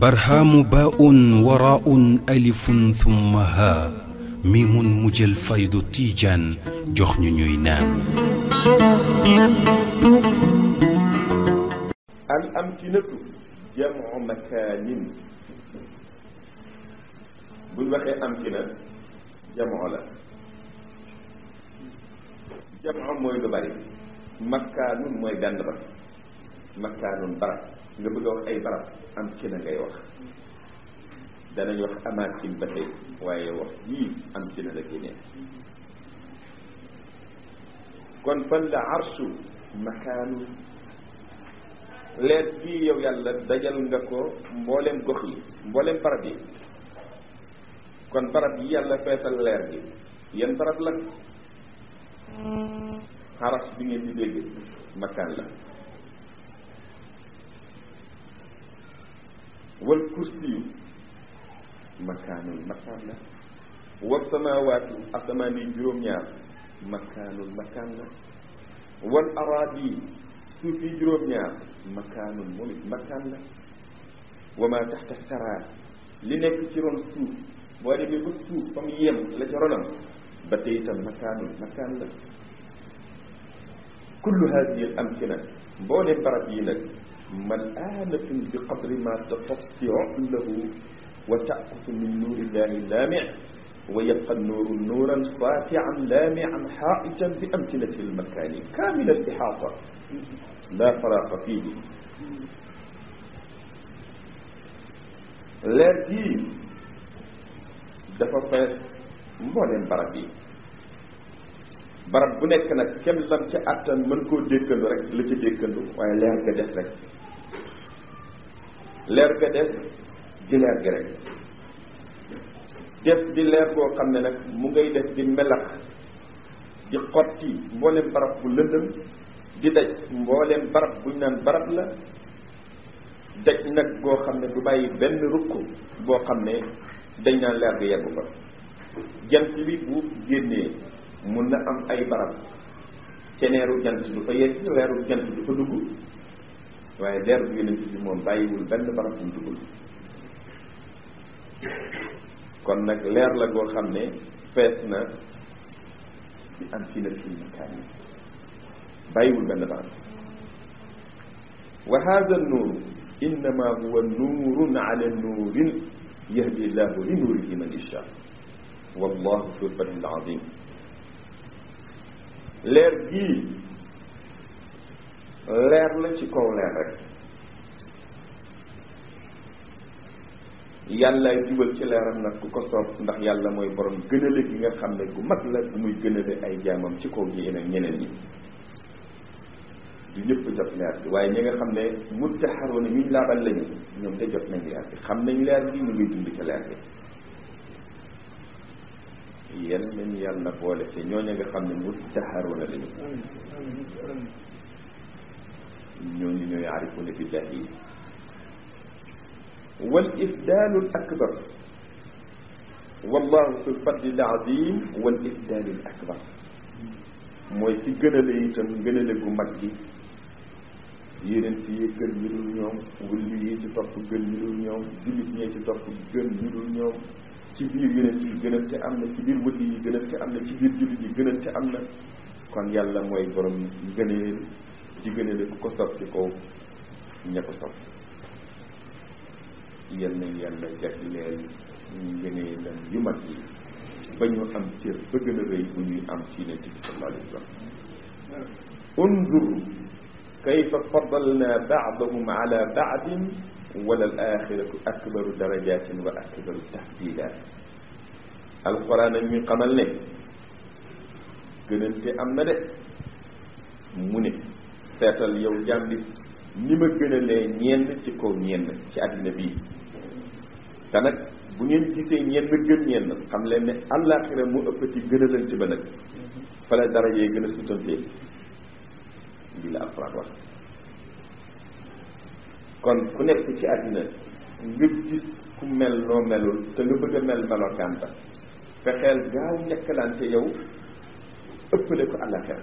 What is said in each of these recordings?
برهام باء وراء ألف ثم ها ميم مجلفيد تيجان جخن نينان الأمكنة جمع مكان بل وخي أمكنة جمع لك jamaa moy lu bari makkaanun moy benn ba makkaanun barab nga bëgg wax ay barab am ci na ngay wax danañ wax amaakin ba tey waaye wax yii am ci na la génnee kon fan la arsu makkanu leet bii yow yàlla dajal nga ko mboolem gox yi mboolem barab yi kon barab yi yàlla feesal leer bi yan barab la xaras bi ngeen di dégg makkaan la wal kursiyu makkaanu makkaan la wa samawaatu asamaan yi juróom-ñaar makkaanu makkaan la wal araadi suuf yi juróom-ñaar makkaanu moom it makan la wa maa taxta saraa li nekk ci ron suuf boo demee ba suuf fa mu yem la ca ronam بقية المكان المكان لك كل هذه الأمكنة بوني بربيلك ملآلة بقدر ما تستطيع له وتأخذ من نور الله لامع ويبقى النور نورا فاتعا لامعا حائجا بأمكنة المكان كامل الإحاطة لا فراغ فيه لكن دفع mbooleem barab yi barab bu nekk nag kem lam ca àttan mën koo dékkandu rek la ca dékkandu waaye leer ga des rek leer ga des di leer gi def di leer boo xam ne nag mu ngay def di melax di xotti mbooleem barab bu lëndëm di daj mbooleem barab buñ naan barab la daj nag goo xam ne du bàyyi benn rukk boo xam ne dañ naan leer gi yeggu ko jant bi bu génnee mun na am ay barab ceneeru jant du fa yegg leeru jant du fa dugg waaye leer bu yonent bi moom bàyyiwul benn barab bu mu duggul kon nag leer la goo xam ne fees na ci am fii na fii makaan bàyyiwul benn barab wa haada nuur innama huwa nuurun ala nuurin yahdi llahu li nuurihi man yashaa والله ذو الفضل العظيم لير جي لير لا سي كون لير رك يالا ديبل سي لير نك كو سوف ندخ يالا موي بروم گنالي كيغا خامني كو مات لا موي گنالي اي جامم سي كو جي انا نينن ني di ñëpp jot leer ci waaye ñi nga xam ne mutaxaroon ñu labal lañu ñoom da jot nañ leer bi xam nañ leer bi ñu ngi dund ci leer bi yal na yàlla boole ci ñooñu nga xam ne muttaharuuna la ñu ñooñu ñooy arifuuna billahi wal ifdaalul akbar wallahu fi fadlil azim wal ifdaalul akbar mooy ci gënale itam gënale gu mag gi yénent yi gën ñu dul ñoom wulli yi ci topp gën ñu dul ñoom jullit ñee ci topp gën ñu dul ñoom ci biir yonent yi gënante am na ci biir wëli yi gënante am na ci biir jullit yi gënante am na kon yàlla mooy borom gëneel di gëneel ku ko sopp ci kaw ña ko sopp yal na yàlla jagleel ñu gëneelam yu mag yi ba ñu am cër ba gën a rëy bu ñuy am ci yonent bi sallallahu alayhi wa sallam unzur kayfa faddalna baadahum ala baadin وللآخرة أكبر درجات وأكبر تحديدات القرآن من قملنا كنت أمنا مني سيطل يوم جانب نما كنا نين تكو نين شاد النبي تنك نيان كسي نين مجن نين قملنا الآخرة مؤفتي كنا نتبنك فلا درجة كنا ستنتين بلا أفراد وقت kon ku nekk ci àddina nga gis ku mel noo melul te nga bëgg a mel melokaan ba fexeel gaaw nekkalante yow ëppale ko àllaxeer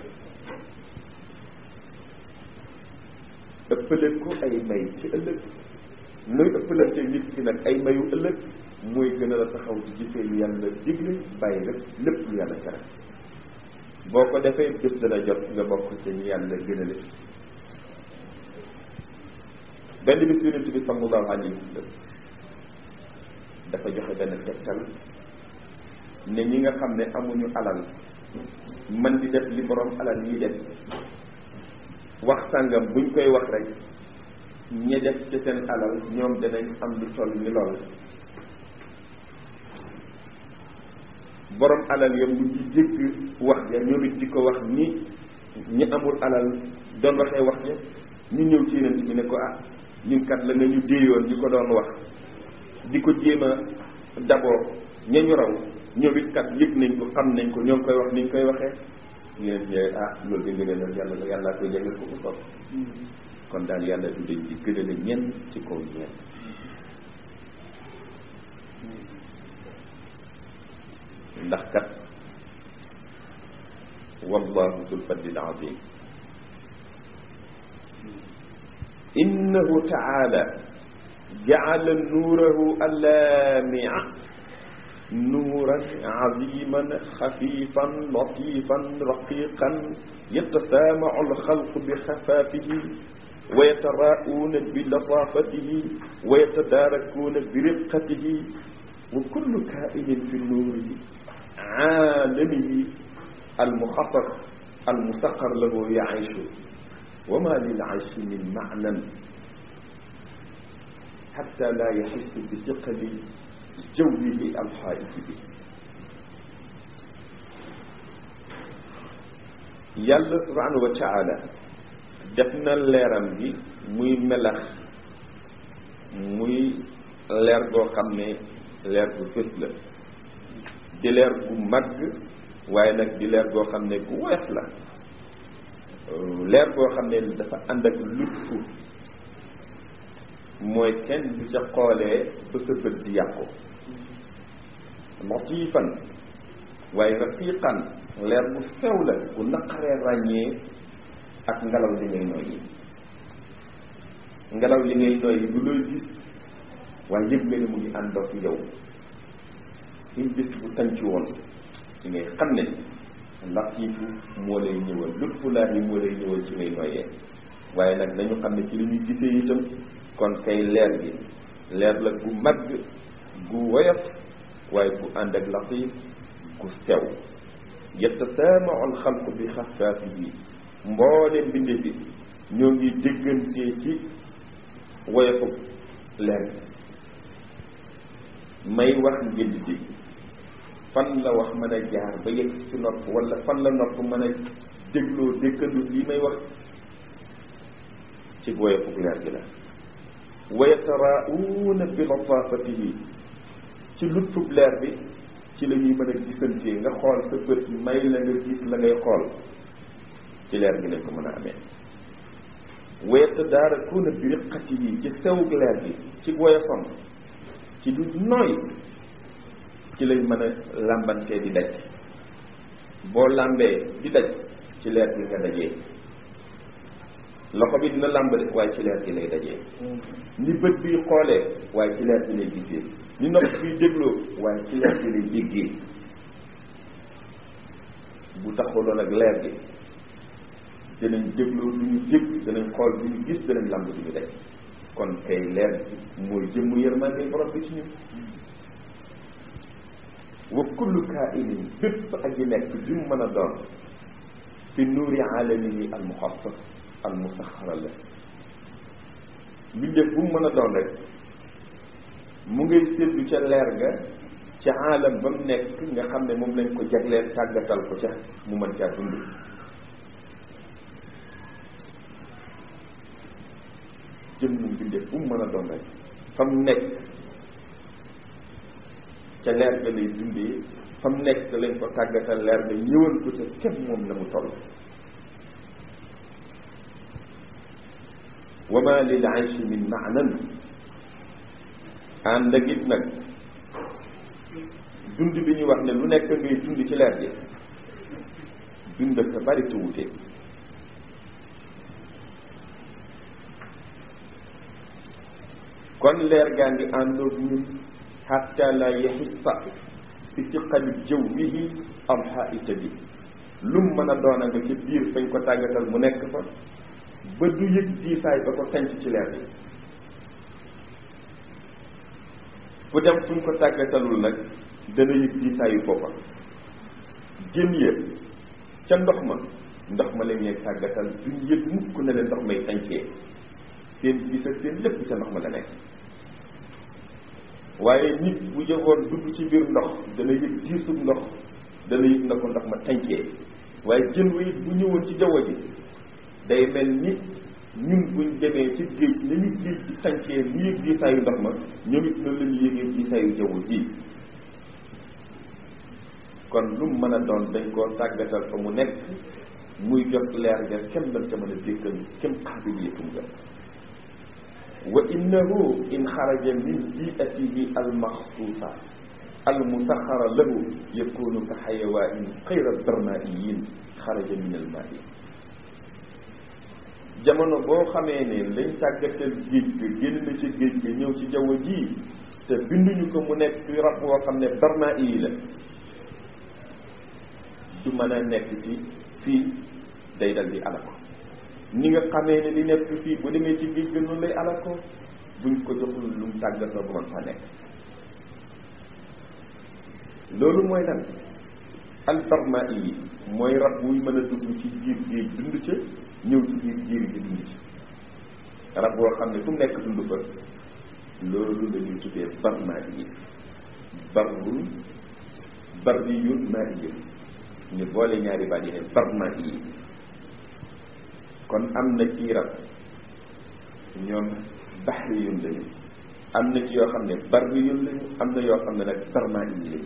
ëppale ko ay may ci ëllëg nuy ëppalante nit ki nag ay mayu ëllëg muy gën a la taxaw ci jifee lu yàlla digle bàyyi rek lépp lu yàlla tere boo ko defee gis dana jot nga bokk ci ñu yàlla gënale benn bis yonent bi sallallahu alayhi wa sallam dafa joxe benn tegtal ne ñi nga xam ne amuñu alal man di def li borom alal yi def wax sàngam buñ koy wax rek ñi def ci seen alal ñoom danañ am lu toll ni lool borom alal yam bu ci jégg wax ja ñoom it di ko wax ni ñi amul alal doon waxee wax ja ñu ñëw ci yeneen bi ne ko ah ñun kat la nga ñu jéeyoon ñu ko doon wax di ko jéem a d' abord ña ñu raw ñoom it kat yëg nañ ko xam nañ ko ñoo koy wax niñ koy waxee ñu leen ñëwee ah loolu de ngëneel la yàlla la yàlla koy jege ko ko topp kon daal yàlla du dañ di gënal a ñenn ci kaw ñenn ndax kat wallahu zul fadlil azim إنه تعالى جعل نوره اللامع نورا عظيما خفيفا لطيفا رقيقا يتسامع الخلق بخفافه ويتراءون بلطافته ويتداركون برقته وكل كائن في النور عالمه المخطر المسخر له يعيش وما للعيش من معنى حتى لا يحس بثقل جوله الحائف به يلا سبحانه وتعالى دفن الليرم بي مي ملخ مي لير دو خمي لير دو فسل دي لير دو مد وينك دي لير دو خمي كو ويخلق leer koo xam ne dafa ànd ak lutfu mooy kenn du ca xoolee ba sa bët di yàqu latifan waaye rafiqan leer bu sew la bu naqaree ràññee ak ngelaw li ngay noyyi ngelaw li ngay noyyi du looy gis waaye yëg nga ne mu ngi ànd ak yow une bés bu tànc woon li ngay xam ne لطيف مولاي نيوال لطف الله مولاي نيوال سمي نوية وعينا نيو قمنا كلمة جسي يتم كون كي لير جي لير لك بو مد بو ويف وعي بو عندك لطيف بو سيو يتسامع الخلق بخفافه مولي بندي نيو جي دقن جي جي ويفو لير جي may wax ngeen di dégg fan la wax mën a jaar ba yëg ci nopp wala fan la nopp mën a dégloo déggandu li may wax ci booyafug leer gi la wa yataraa'uuna bi lataafatihi ci lutfub leer bi ci la ñuy mën a gisantee nga xool sa bët may la nga gis la ngay xool ci leer gi lañ ko mën a amee wa kuuna bi riqatihi ci sewug leer gi ci son ci du nooy ci lay mën a làmbantee di daj boo làmbee di daj ci leer bi nga dajee loxo bi dina làmb de waaye ci leer gi lay dajee ni bët bi xoolee waaye ci leer gi lay gisee ni nopp bi dégloo waaye ci leer gi lay déggee bu taxuloon ak leer gi danañ dégloo lu ñu dégg danañ xool lu ñu gis danañ làmb di ñu daj kon kay leer mooy jëmm yërmande borom bi ci ñu wa kullu kaa'inin bépp aji nekk ju mën a doon fi nuuri alamihi al muxassas al musaxara la mbindeef bu mu mën a doon rek mu ngi séddu ca leer ga ca aalam ba mu nekk nga xam ne moom lañ ko jagleel tàggatal ko ca mu mën caa dund jëm mu mbindeef bu mu mën a doon rek fa mu nekk ca leer ga lay dundee fa mu nekk lañ ko tàggatal leer ga ñëwal ko ca kenn moom la mu toll wa wama lil aysi min maanan ànd ak it nag dund bi ñu wax ne lu nekk ngay dund ci leer gi dund ak sa bari te wute kon leer gaa ngi àndoog ñun حتى لا يحس بثقة جوه أم حائطة به لما ندعنا كبير فإن كنت أجد المنكفة بدو يجد فاي بكو تنج تلاغي بدم فإن كنت أجد المنكفة دنو يجد فاي بكو جنية كان دخما دخما لم يجد فاي بكو جنية مكونا لن دخما يتنجي سين بيسا سين لك بيسا دخما لنكفة waaye nit bu jëfoon dugg ci biir ndox dana yëg diisub ndox dana yëg na ko ndox ma tànkee waaye jën wi bu ñëwoon ci jaww ji day mel ni ñun buñ demee ci géej na ñu géej di tànkee mu yëg diisaayu ndox ma ñoom it noonu yëgee diisaayu jaww ji kon lu mu mën a doon dañ koo tàggatal fa mu nekk muy jot leer ga kenn dañ ca mën a dégg kenn xaaral yëpp mu وإنه إن خرج من بيئته المخصوصة المسخرة له يكون كحيوان غير الدرمائيين خرج من الماء jamono boo xamee ne lañ tàggatal géej ga génn ci géej ga ñëw ci jaww ji te binduñu ko mu nekk rab woo xam ne barma yi la du mën a nekk ci fii day dal di alako ni nga xamee ne li nekk fii bu demee ci géej gi lay alal ko buñ ko joxul lu mu tàggat la bu man nekk loolu mooy lan albarma yi mooy rab wuy mën a dugg ci biir géej dund ca ñëw ci biir géej gi dund ca rab boo xam ne fu mu nekk dund fa loolu la ñuy tuddee barma yi barru barri yun yi ñu boole ñaari baat yi yi kon am na ci rab ñoom baxri yun lañu am na ci yoo xam ne barri yun lañu am na yoo xam ne nag sarmaa yi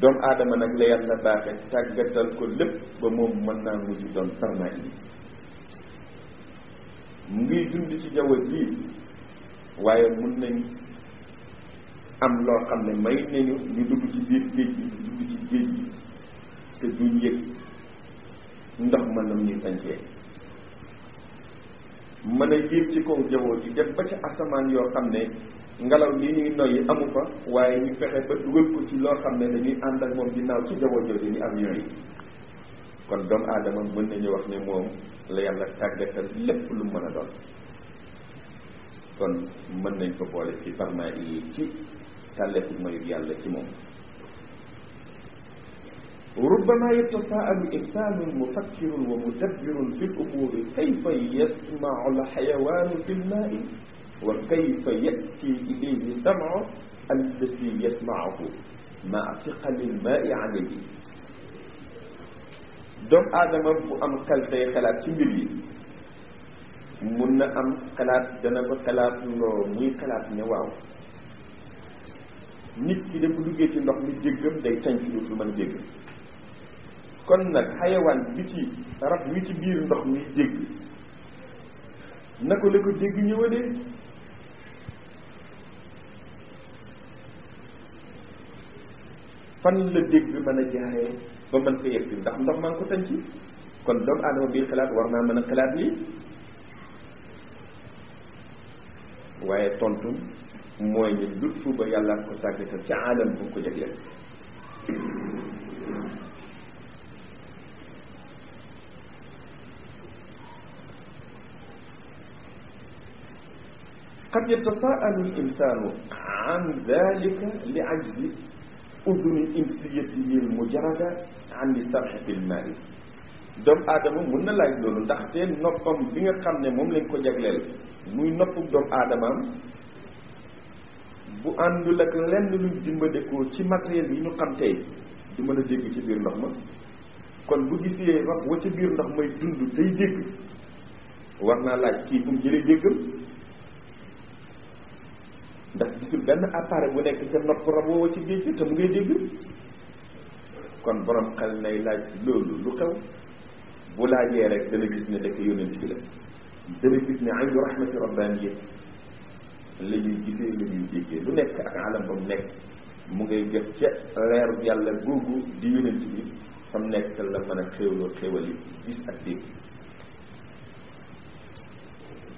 doomu aadama nag la yàlla baaxe tàggatal ko lépp ba moom mën naa mujj doon sarmaa yi mu ngi dund ci jaww ji waaye mun nañ am loo xam ne may nañu ñu dugg ci biir géej gi dugg ci géej gi te duñ yëg ndox ma nam ñuy sancee mën a yéeg ci kaw jawoo ji dem ba ci asamaan yoo xam ne ngalaw li ñuy noyyi amu fa waaye ñu fexe ba dugal ko ci loo xam ne dañuy ànd ak moom ginnaaw ci jawoo jooju ni am yooyu kon doom aadama mën nañu wax ne moom la yàlla tàggatal lépp lu mën a doon kon mën nañ ko boole ci barma yi ci tàlleeku mayu yàlla ci moom وربما يتساءل إنسان مفكر ومدبر في الأمور كيف يسمع الحيوان في الماء وكيف يأتي إليه السمع الذي يسمعه مع ثقل الماء عليه دون آدم أبو أم كالتي خلات مبي من أم خلات جنب خلات نور مي خلات نواو نيت كده بلوكي تنبق مي جيجم داي تنجي نور من جيجم kon nag xayawaan bi ci rab wi ci biir ndox mi dégg na ko la ko dégg ñëwalee fan la dégg mën a jaaree ba mën ko yëg ndax ndox maa ngi ko tënc kon doomu aadama bii xalaat war naa mën a xalaat lii waaye tontu mooy ni lut fu ba yàlla ko sa ca aalam bu ko jagleel قد يتساءل الإنسان عن ذلك لعجز أذن إنسيته المجردة عن الطرح في الماء doomu aadama mun na laaj loolu ndaxte noppam bi nga xam ne moom lañ ko jagleel muy noppub doomu aadamaam bu àndul ak lenn luñ dimbandekoo ci matériel yi ñu xam tey du mën a dégg ci biir ndox ma kon bu gisee wax wa ci biir ndox may dund tey dégg war naa laaj kii fu mu jëlee déggam ndax gisul benn appareil bu nekk ca nopp rab woowa ci géej gi te mu ngay dégg kon borom xel nay laaj loolu lu xew bu laajee rek dana gis ne dekk yónent bi la dana gis ne aynu rahmati rabbaniyya la ñuy lu nekk ak alam ba mu nekk mu ngay jot ca leeru yàlla googu di yónent bi fam nekk la mën a xéewloo xéewal yi gis ak dégg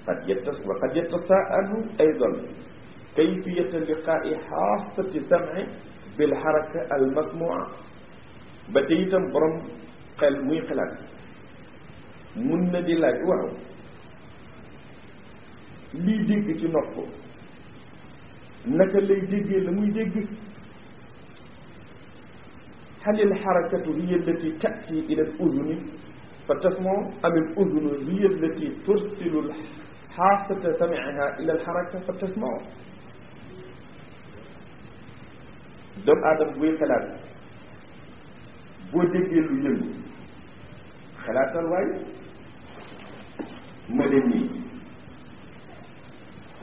qad yattas wa qad yatasaa'alu كيفية لقاء حاسة سمع بالحركة المسموعة بتيتم برم قل muy من mun لا di لي ديك lii dégg ci nopp naka هل الحركة هي التي تأتي إلى الأذن فتسمع أم الأذن هي التي ترسل حاسة سمعها إلى الحركة فتسمع doomu aadama buy xalaat boo déggee lu yëngu xalaatal waay ma leen nii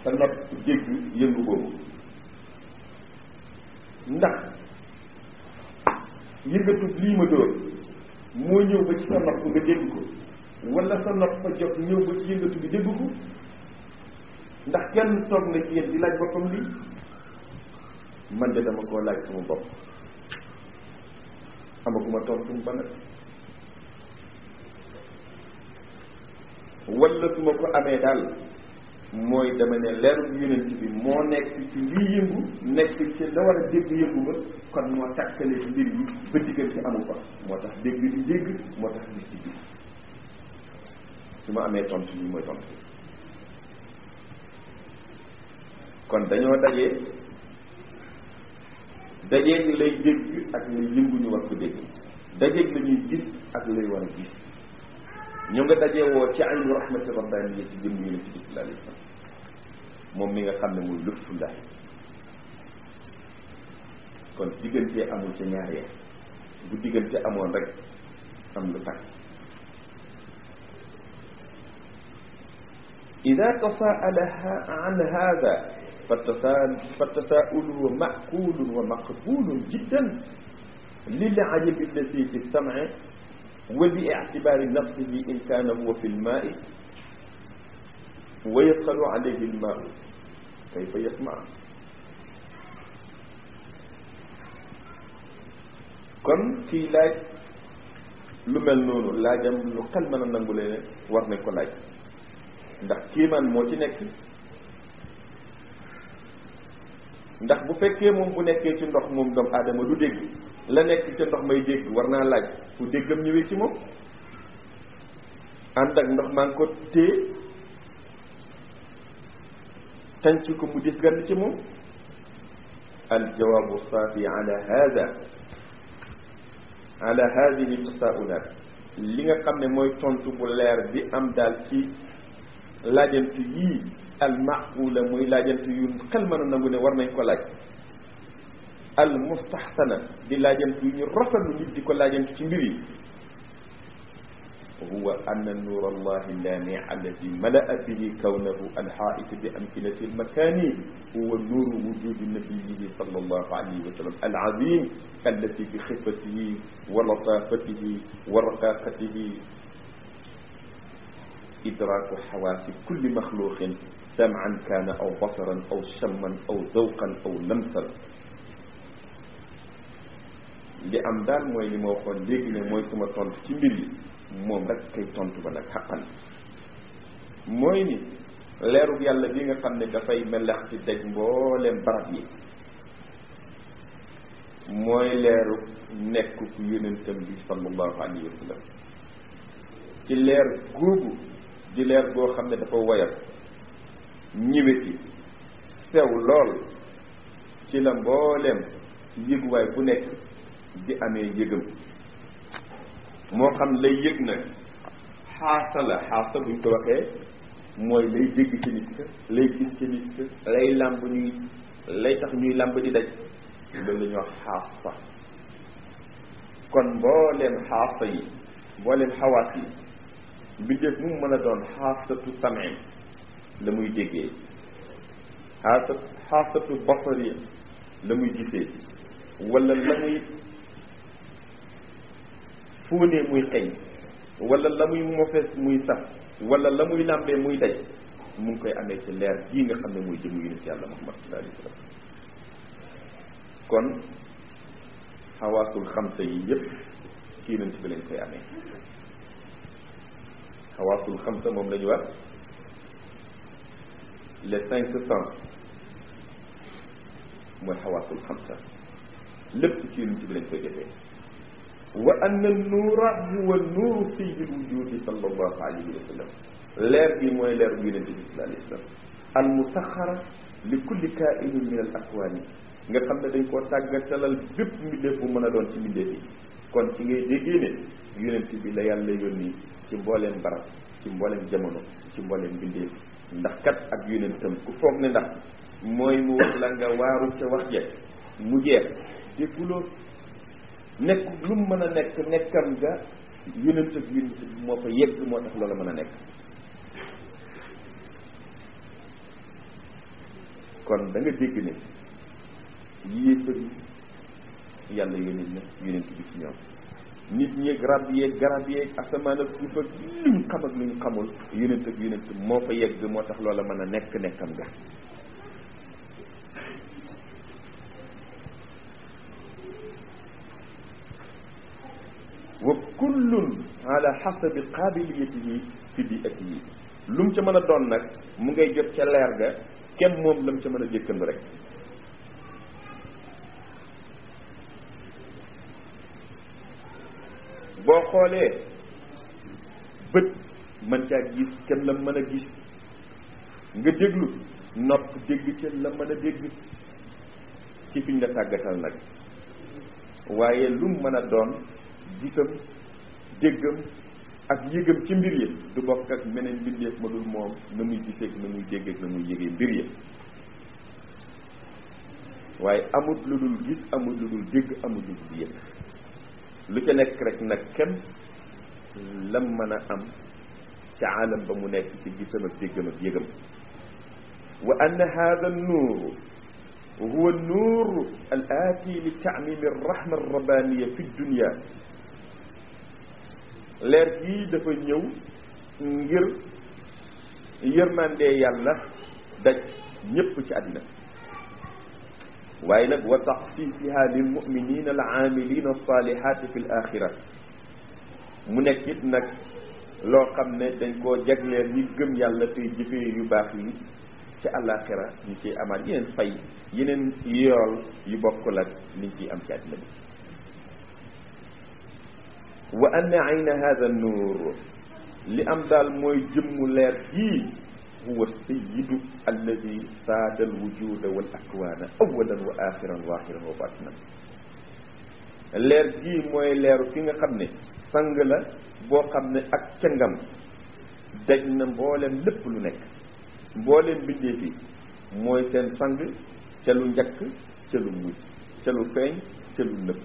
sa nopp dégg yëngu boobu ndax yëngatu lii ma dóor moo ñëw ba ci sa nopp nga dégg ko wala sa nopp fa jot ñëw ba ci yëngatu bi dégg ko ndax kenn toog na ci yéen di laaj boppam lii man de dama koo laaj sama bopp amaguma tontum ba nag wala su ma ko amee daal mooy dama ne leeru yonent bi moo nekk ci lii yëngu nekk ci la war a dégg yëngu ba kon moo tàkkale mbir yi ba diggante amu fa moo tax dégg di dégg moo tax gis di gis su ma amee tontu lii mooy tontu kon dañoo dajee dajeeg lay dégg ak lay yëngu ñu war ko dégg dajeeg la ñuy gis ak lay war a gis ñu nga dajee woo ci ay rahmati rabbani ya ci jëm ñu ci bisla alayhi salam moom mi nga xam ne muy lëftu ndax kon diggante amul ca ñaar ya bu diggante amoon rek am lu tàkk إذا تساءل عن هذا فالتساؤل معقول ومقبول جدا للعجب الذي في السمع وباعتبار نفسه إن كان هو في الماء ويدخل عليه الماء كيف يسمع كم في لاج لمن mel لاجم laajam lu xel mën a nangu leen war ndax ci ndax bu fekkee moom bu nekkee ci ndox moom doom aadama du dégg la nekk ca ndox may dégg war naa laaj fu déggam ñëwee ci moom ànd ak ndox maa ngi ko téye tànc ko mu dis gann ci moom الجواب الصافي على هذا على li nga xam ne mooy tontu bu leer bi am daal ci laajantu yii المعقولة موي muy laajantu yu xel mën a nangu ne war nañ ko laaj al mustahsana di laajantu yu ñu rafetlu هو أن نور الله اللامع نعم الذي ملأ به كونه الحائط بأمكنة المكان هو نور وجود نبيه صلى الله عليه وسلم العظيم التي بخفته ولطافته ورقاقته إدراك حواس كل مخلوق سمعا كان او بصرا او شما او ذوقا او لمسا لأمدار موي لي موخ ليك لي موي سما تونت سي ميري موم رك كاي تونت با نك حقن موي ني ليرو يالا بيغا خامني دا فاي ملخ سي دج مبولم برات يي موي ليرو نيكو يونتام بي صلى الله عليه وسلم تي لير غوغو دي لير بو خامني دا فا ñiwet sew lool ci la mbooleem yëguwaay bu nekk di amee yëgam moo xam lay yëg nag xaasa la xaasa buñ ko waxee mooy lay dégg ci nit ka lay gis ci nit lay làmb ñuy lay tax ñuy làmb di daj loolu la ñuy wax xaasa kon mbooleem xaasa yi mbooleem xawaas yi mbindeef mu mën a doon xaasatu sameen la muy déggee xaasa xaasatu basar yi la muy gisee wala la muy fóonee muy xeeñ wala la muy mofes muy saf wala la muy làmbee muy daj mu ngi koy amee ci leer gii nga xam ne muy jëmu yonent yàlla Muhammad sallallahu alayhi wa sallam kon xawaasul xamsa yi yépp ci yonent bi lañ koy amee xawaasul xamsa moom la ñu wax les cinq sens mooy xawaatul xamsa lépp ci yonent bi lañ koy defee wa anna nuura huwa nuuru sayyidil wujudi sallallahu alayhi wa sallam leer bi mooy leer bu yonent bi sallallahu alayhi wa sallam al musaxara li kulli kainin min al akwaani nga xam ne dañ koo tàggatalal bépp mbindeef bu mën a doon ci mbindeef yi kon ci ngay déggee ne yonent bi la yàlla yónni ci mbooleem barab ci mbooleem jamono ci mbooleem mbindeef ndax kat ak yonentam ku foog ne ndax mooy mu wax la nga waaru ca wax ja mu jeex dégguloo nekk lu mu mën a nekk nekkam ga yonent ak yonent bi moo fa yegg moo tax loola mën a nekk kon da nga dégg ne yéefar yi yàlla yónni na yonent bi ci ñoom nit ñi ak rab yeeg garab yeeg asamaan ak suuf ak li ñu xam ak li ñu xamul yonent ak yonent moo fa yegg moo tax loola mën a nekk nekkam ga wa kullun ala xasabi qabiliyatihi fi bi biatihi lu mu ca mën a doon nag mu ngay jot ca leer ga kenn moom la mu ca mën a jëkkandu rek boo xoolee bët mën caa gis kenn la mën a gis nga déglu nopp dégg ca la mën a dégg ci fiñ la tàggatal nag waaye lu mën a doon gisam déggam ak yëgam ci mbir yi du bokk ak meneen mbindeef ma dul moom na muy giseeg na muy déggeeg na muy yëgee mbir yi waaye amut lu dul gis amut lu dul dégg amut lu dul yëg lu ca nekk rek nag kenn lam mën a am ca aalam ba mu nekk ci gisam ak déggam ak yëgam wa ann hada nuuru هو النور الآتي لتعميم الرحمة الربانية في الدنيا leer gii dafa ñëw ngir yërmande yàlla daj ñépp ci àddina waaye nag wa taxsiisiha lil muminin al amilin salihaati fi l axira mu nekk it nag loo xam ne dañ koo jagleel ñi gëm yàlla tey jëfee yu baax yi ci àllaaxira ñu ciy amaat yeneen fay yeneen yool yu bokkul ak liñ ciy am ci àddina bi wa anna ayna hada nuur li am daal mooy jëmmu leer yii huwa sayidu alladi saada alwujuda wal akwaana awalan wa axiran wa axiran wa batinan leer gi mooy leeru ki nga xam ne sang la boo xam ne ak cangam daj na mbooleem lépp lu nekk mbooleem bindee fi mooy seen sang ca lu njëkk ca lu mujj ca lu feeñ ca lu nëpp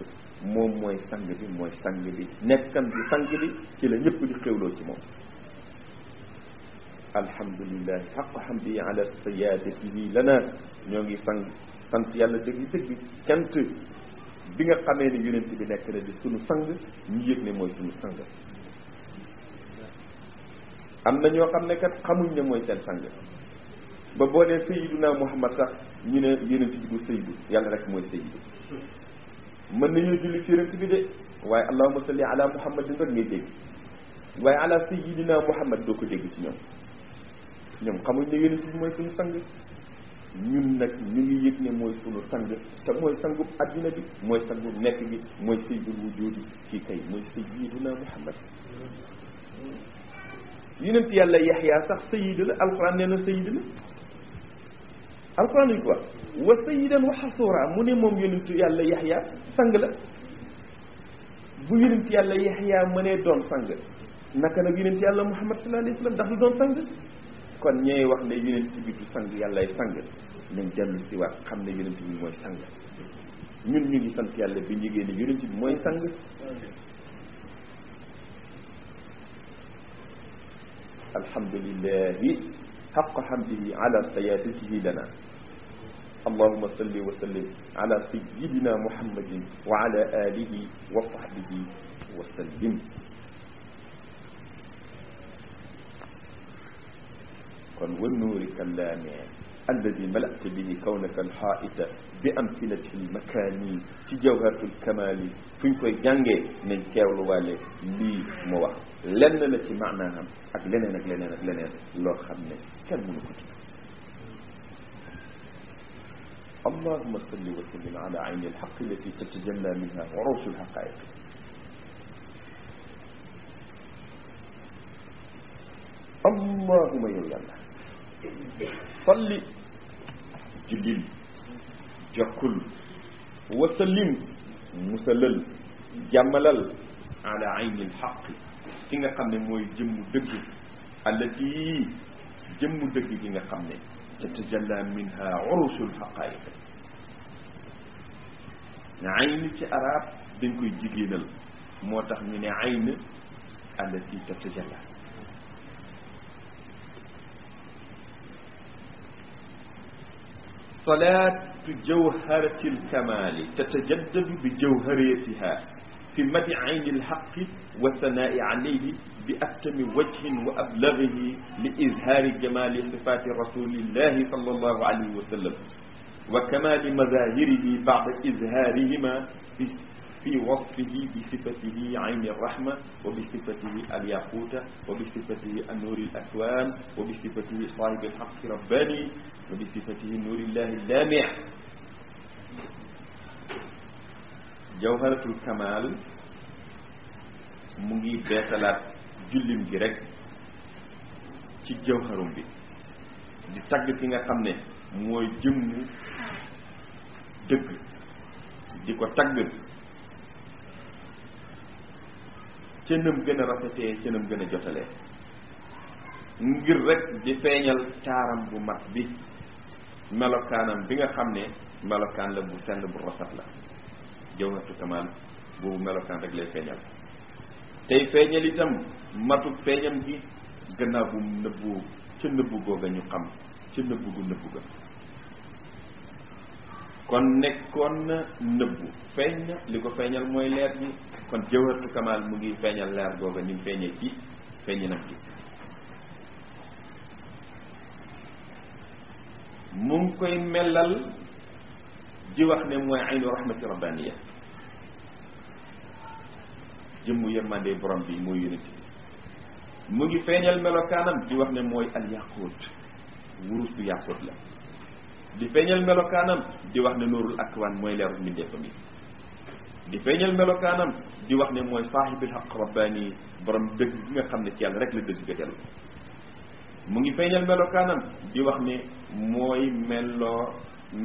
moom mooy sang bi mooy sang bi nekkam bi sang bi ci la ñëpp di xéwloo ci moom alhamdulilahi xaq hamdi ala siyaadatihi lana ñoo ngi sang sant yàlla dëgg dëgg cant bi nga xamee ne yonent bi nekk na di sunu sang ñu yëg ne mooy sunu sang am na ñoo xam ne xamuñ ne mooy seen sang ba boo nee sayiduna muhammad sax ñu ne yonent bi bu sayidu yàlla rek mooy sayidu mën nañoo julli ci yonent bi de waaye allahuma salli ala muhammadin rek ngay dégg waaye ala sayidina muhammad doo ko dégg ci ñoom ñom xamuñ ne yonent bi moy suñu sang ñun nak ñu ngi yit ne moy suñu sang sa moy sangu adina bi moy sangu nek bi mooy sayyidul wujudi kii kay mooy sayyiduna muhammad yeenent yàlla yahya sax sayid la alquran neena na la alquran yi quoi wa sayidan wa hasura mu ne moom yonent yàlla yahya sang la bu yeenent yàlla yaxya mënee doon sang naka nag yeenent yàlla muhammad sallallahu alayhi wasallam dafa doon sang kon ñee wax ne yonent bi du sang yalla ay sang ñu dellu ci wax xam ne yonent bi moy sang ñun ñu ngi sant yàlla bi ñu gene yonent bi moy sang alhamdulillah haqq حمده ala sayyidatihi lana اللهم صل وسلم على سيدنا محمد وعلى آله وصحبه وسلم كن ونورك اللامع الذي ملأت به كونك الحائط بأمثلة المكان في جوهرة الكمال في كوي جانجي من كيول والي لي موا لن نلتي معناها أجلنين أجلنين أجلنين لو خمي كم اللهم صل وسلم على عين الحق التي تتجلى منها عروس الحقائق اللهم يا الله صلي جليل جكل وسلم مسلل جملل على عين الحق كنا قمنا موي جم دك التي جم دك كنا قمنا تتجلى منها عرش الحقائق عين الأراب بنكو جيجينل موتاخ من عين التي تتجلى الصلاة جوهرة الكمال تتجدد بجوهريتها في مد عين الحق والثناء عليه بأتم وجه وأبلغه لإظهار جمال صفات رسول الله صلى الله عليه وسلم وكمال مظاهره بعد إظهارهما في في وصفه بصفته عين الرحمة وبصفته الياقوتة وبصفته النور الأكوان وبصفته صاحب الحق رباني وبصفته نور الله اللامع جوهرة الكمال mu بيتلات جلم jullim gi جوهر بي jawharum bi di tagg ki nga xam ne mooy ca nam gën a rafetee ca nam gën a jotalee ngir rek di feeñal taaram bu mat bi melokaanam bi nga xam ne melokaan la bu sell bu rafet la jawhatu kamal bu melokaan rek lay feeñal tey feeñal itam matu feeñam gi gannaaw bu nëbbu ca nëbbu googa ñu xam ca nëbbu gu nëbbu ga kon nekkoon na nëbbu feeñ li ko feeñal mooy leer bi kon jawhartu kamal mu ngi feeñal leer googa ni feeñee ci gi mu ngi koy melal ji wax ne mooy aynu rahmati rabbaniya jëmmu yërmande borom bi mooy unité mu ngi feeñal melokaanam ji wax ne mooy al yaqut wurus du yaqut la di feñal melokaanam di wax ne nurul akwan mooy leeru mbindeefam yi di feñal melokaanam di wax ne mooy saaxibil xaq rabbani borom dëgg gi nga xam ne ci yàlla rek la dëgg ga dellu mu ngi feñal melokaanam di wax ne mooy meloo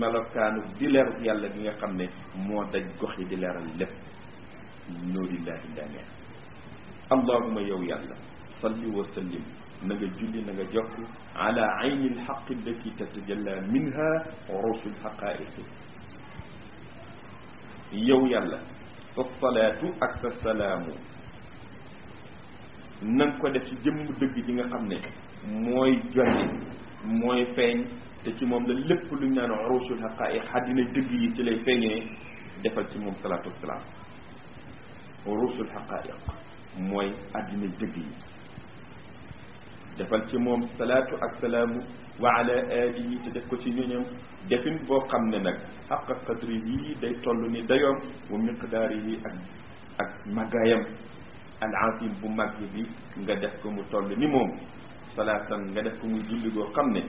melokaanu di leeru yàlla gi nga xam ne moo daj gox yi di leeral lépp nuurillahi daanee allahuma yow yàlla salli wa sallim naga julli naga jokku. ala ayni alhaq allati tatajalla minha urus alhaqa'iq yow yalla. fa salatu ak sa salaamu nanga ko def ci jëmm deug gi nga xam ne mooy moy mooy te ci moom la lepp lu naan urus alhaqa'iq hadina deug yi ci lay feñe defal ci moom salatu salam urus alhaqa'iq mooy adina deug yi defal ci moom salaatu ak salaamu wa ala alihi te def ko ci ñoñam defin boo xam ne nag xaqa qadri yi day toll ni dayoom wa miqdaari yi ak ak magayam al azim bu màgg bi nga def ko mu toll ni moom salaatan nga def ko muy julli goo xam ne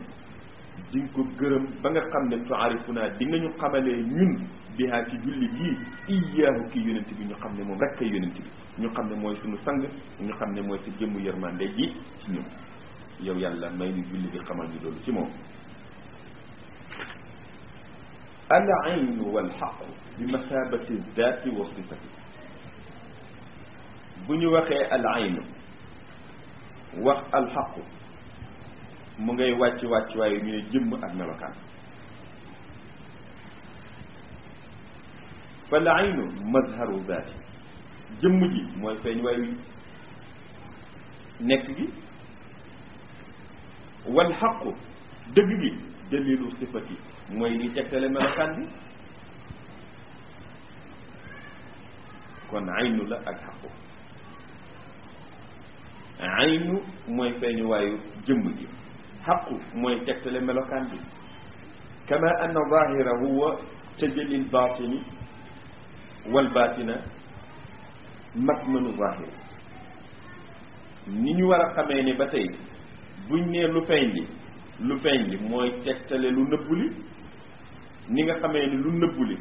di ko gërëm ba nga xam ne tuarifuna di nga ñu xamalee ñun bihaa ci julli bi iyyahu ki yonent bi ñu xam ne moom rek kay yonent bi ñu xam ne mooy suñu sang ñu xam ne mooy sa jëmm yërmande ji ci ñun yow yàlla may ni julli bi xamal ñu loolu ci moom al aynu wal xaqu bi masabati dati wa sifati bu ñu waxee al aynu wax al xaqu mu ngay wàcc wàcc waaye ñu ne jëmm ak melokaan fa al aynu mazharu dati jëmm ji mooy feeñ waaye nekk gi wal xaqu dëgg gi dalilu sifati mooy li tegtale melokaan bi kon aynu la ak xaqu aynu mooy feeñuwaayu jëmm ji xaqu mooy tegtale melokaan bi kama anna zahira huwa tajalil batini wal batina matmanu zahir ni ñu war a xamee ne ba tey buñ nee lu feeñ li lu feeñ li mooy tegtale lu nëbbu li ni nga xamee ni lu nëbbu li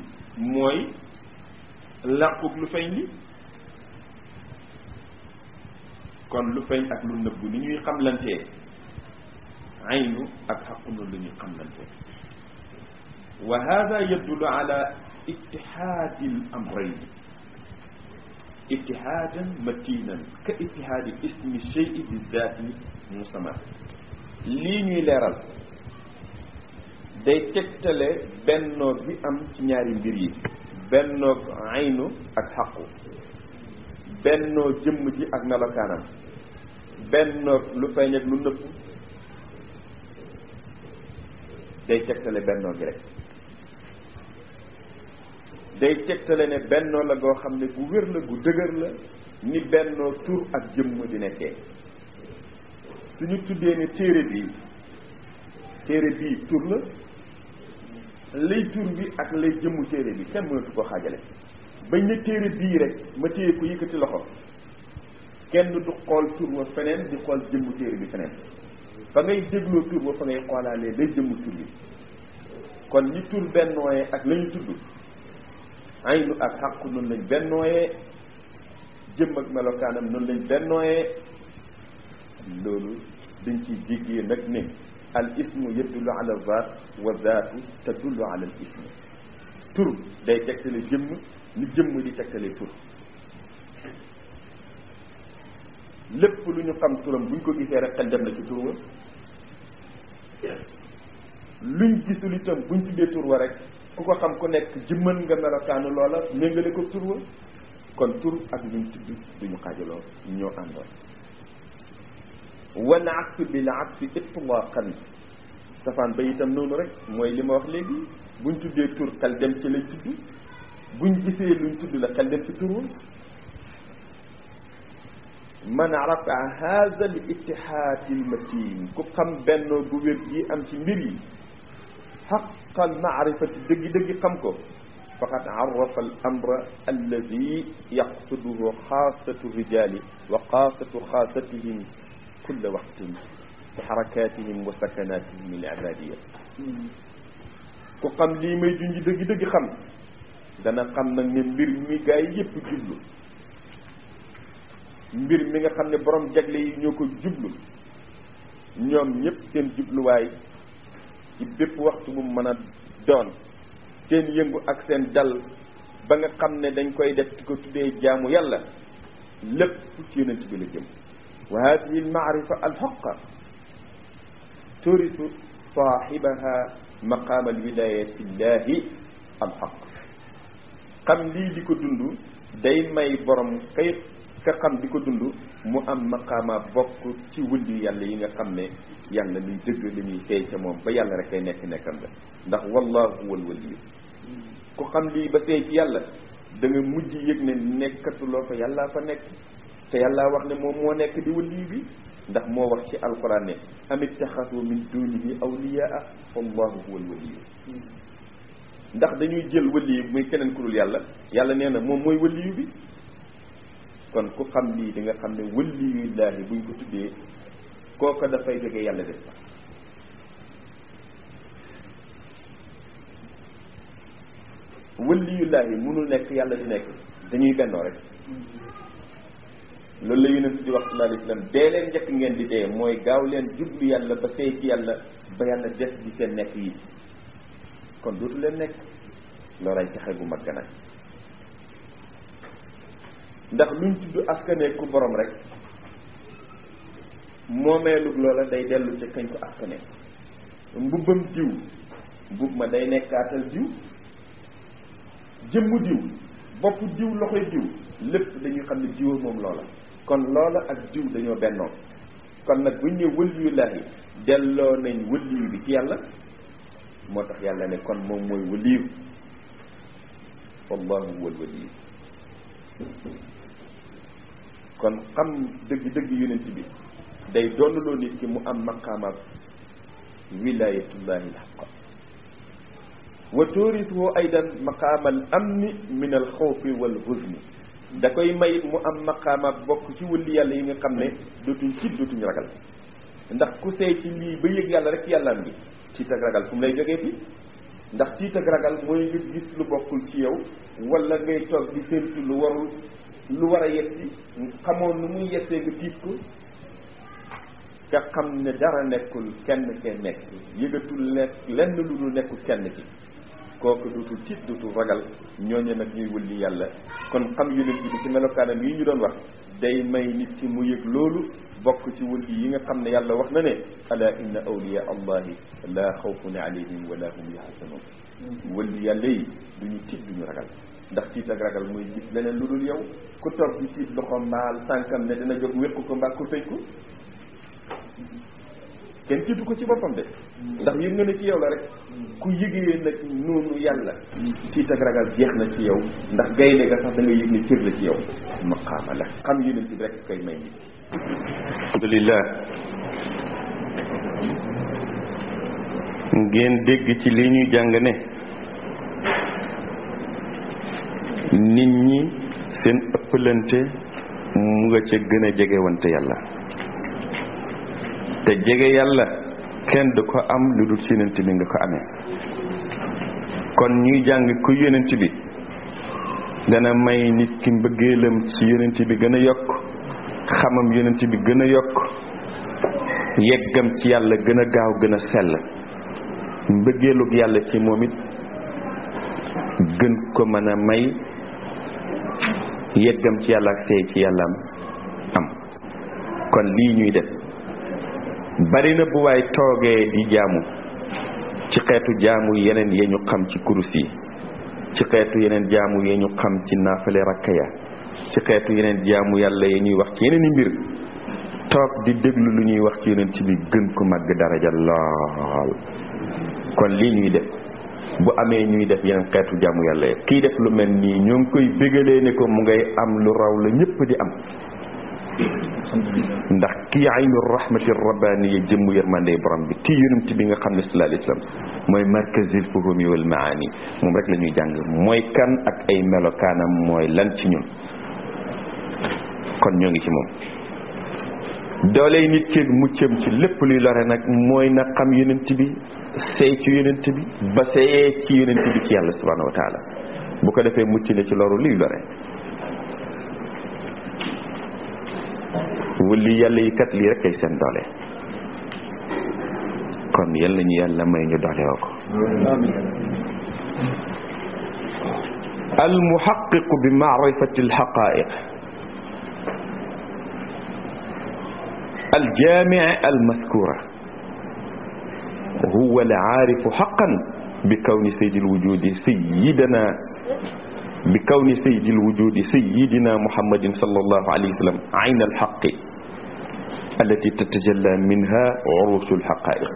mooy làqug lu feeñ li kon lu feeñ ak lu nëbbu ni ñuy xamlantee aynu ak xaqunu lu ñuy xamlantee wa hada yadullu ala ittihaadi al amrayni اتحادا متينا كاتحاد اسم الشيء بالذات مسمى ليني ليرال داي تكتالي بنو بي ام سي نياري مبيري بنو عينو اك حقو بنو جيم جي اك نالوكانا بنو لو فاي لو نيب داي تكتالي بنو جي day tegtale ne bennoo la goo xam ne gu wér la gu dëgër la ni bennoo tur ak jëmm di nekkee suñu tuddee ne téere bii téere bii tur la lay tur bi ak lay jëmmu téere bi kenn mënatu ko xaajale bañ ne téere bii rek ma téye ko yëkkati loxo kenn du xool tur wa feneen di xool jëmmu téere bi feneen fa ngay dégloo tur wa fa ngay xoolaalee lay jëmmu tur bi kon ñi tur bennooyee ak la tudd aynu ak xàqu noonu benn bennooyee jëmm ak melokaanam noonu lañ bennooyee loolu dañ ciy jéggee nag ne al ismu yadullu ala zaat wa zaatu tadullu ala al ismu tur day tegtale jëmm ni jëmm di tegtale tur lépp lu ñu xam turam buñ ko gisee rek xel dem na ci tur wa luñ gisul itam buñ tuddee tur wa rek ku ko xam ku nekk jëmmën nga melokaanu loola méngale ko tur wa kon tur ak ñun tudd duñu xaajaloo ñoo àndoon wal aksu bil aksi itlaqan safaan ba itam noonu rek mooy li ma wax léegi buñ tuddee tur xel dem ci lay tudd buñ gisee luñ tudd la xel dem ci tur wa man rafa haza al ittihaad al ku xam bennoo gu wér gi am ci mbir yi حق المعرفة دقي دقي قمكو فقد عرف الأمر الذي يقصده خاصة الرجال وخاصة خاصتهم كل وقت بحركاتهم وسكناتهم الإعدادية وقم لي ما يجون دق دق خم دانا قم من نمبر ميقاي يب جبلو مبير ميقا خم نبرم جاك لي نيوكو جبلو نيوم يب تن واي ci bépp waxtu mu mën a doon seen yëngu ak seen dal ba nga xam ne dañ koy def ci ko tuddee jaamu yàlla lépp ci yonent bi la jëm wa hadihi ma'rifa almaarifa alxaqa turitu saaxibaha maqaam alwilayati al alxaq xam lii di ko dund day may borom xëyt ka xam di ko dund mu am maqaama bokk ci wulli yàlla yi nga xam ne yàlla luy dëgg li ñuy feeñ ca moom ba yàlla rek ay nekk nekkam la ndax wallaahu wal waliyu ku xam lii ba seey ci yàlla da nga mujj yëg ne nekkatuloo fa yàllaa fa nekk te yàllaa wax ne moom moo nekk di waliyu bi ndax moo wax ci alquran ne amit taxasu min dunihi awliyaa wallahu huwal ndax dañuy jël waliyu muy keneen ku dul yàlla yàlla nee na moom mooy waliyu bi kon ku xam lii di nga xam ne lii wëlliyullaahi buñ ko tuddee kooka dafay jóge yàlla des sax wëlliyullaahi mënul nekk yàlla di nekk dañuy bennoo rek loolu la yonent di wax sallallahu alayhi wa sallam dee leen njëkk ngeen di dee mooy gaaw leen jublu yàlla ba sey ci yàlla ba yàlla des di seen nekk yi kon dootu leen nekk loolay taxe bu mag nag ndax luñ tudd askane ku borom rek moomeelug loola day dellu ca kañ ko askane mbubbam diw mbub ma day nekkaatal diw jëmmu diw bopp diw loxoy diw lépp dañuy xam ne diwa moom loola kon loola ak diw dañoo bennoo kon nag buñ ne wëliyu laahi delloo nañ wëliyu bi ci yàlla moo tax yàlla ne kon moom mooy wëliyu wallahu huwa al waliyu kon xam dëgg dëgg yunent bi day loo nit ki mu am maqaama wilayatullahi lxaqa wa tuurituhu aydan al amni min al xawfi wal huzni da koy mayit mu am maqaama bokk ci wulli yàlla yi nga xam ne dootuñ cit dootuñ ragal ndax ku see ci lii ba yëg yàlla rek yàllaam bi Ci ak ragal fu mu lay jógee fi ndax ci ak ragal mooy nga gis lu bokkul ci yow wala ngay toog di séntu lu warul lu war a yegsi xamoon nu muy yegsee nga tiit ko nga xam ne dara nekkul kenn ke nekk yëgatul lekk lenn lu dul nekkul kenn ki kooku duutu tiit duutu ragal ñooñu nag ñuy wëlli yàlla kon xam yonent bi ci melokaanam yi ñu doon wax day may nit ki mu yëg loolu bokk ci wëlli yi nga xam ne yàlla wax na ne ala inna awliya allahi laa xawfun alayhim wala hum yaxzanun wëlli yàlla yi duñu tiit duñu ragal ndax tiit ak ragal muy gis leneen lu dul yow ku toog di tiit loxo maal tànkam ne dina jóg wéqu ko mbaa ku tëj ko kenn tiitu ko ci boppam de ndax yëg nga ne ci yow la rek ku yëgee nag noonu yàlla tiit ak ragal jeex na ci yow ndax gaynde ga sax da nga yëg ne cër la ci yow maqaama la xam yonent bi rek koy may nit alhamdulillah ngeen dégg ci li ñuy jàng ne nit ñi seen ëppalante mu nga ca gën a jege wante yàlla te jege yàlla kenn du ko am lu dul ci yonent bi nga ko amee kon ñuy jàng ku yonent bi dana may nit ki mbëggeelam ci yonent bi gën a yokk xamam yonent bi gën a yokk yeggam ci yàlla gën a gaaw gën a sell mbëggeelug yàlla ci moom it gën ko mën a may yeggam ci yàlla ak seey ci yàllaam am kon lii ñuy def bari na bu waay toogee di jaamu ci xeetu jaamu yeneen ya ñu xam ci kurus yi ci xeetu yeneen jaamu ya ñu xam ci naafale rakka ya ci xeetu yeneen jaamu yàlla ya ñuy wax ci yeneen i mbir toog di déglu lu ñuy wax ci yeneen ci bi gën ko màgg daraja lool kon lii ñuy def bu amé ñuy def yeen xétu jamu yalla ki def lu melni nii ngi koy bégalee né ko mu ngay am lu raw la ñëpp di am ndax ki aynu rahmati rabbaniya jëm yermandé borom bi kii yonent bi nga xamné sallallahu alayhi wasallam mooy markazil fuhumi wal maani mom rek lañuy jang moy kan ak ay melokanam moy lan ci ñun kon ñoo ngi ci mom dolay nit ci muccam ci lepp luy lore nak moy na xam yonent bi sey ci yonent bi ba seyee ci yonent bi ci yàlla subhanahu wa taala bu ko defee mucc la ci loru liy lore wulli yàlla yi kat lii rek kay seen doole kon yàlla ñu yàlla may ñu doole woo ko al muhaqqiqu bi ma'rifati al haqa'iq al jami' al mazkura هو العارف حقا بكون سيد الوجود سيدنا بكون سيد الوجود سيدنا محمد صلى الله عليه وسلم عين الحق التي تتجلى منها عروس الحقائق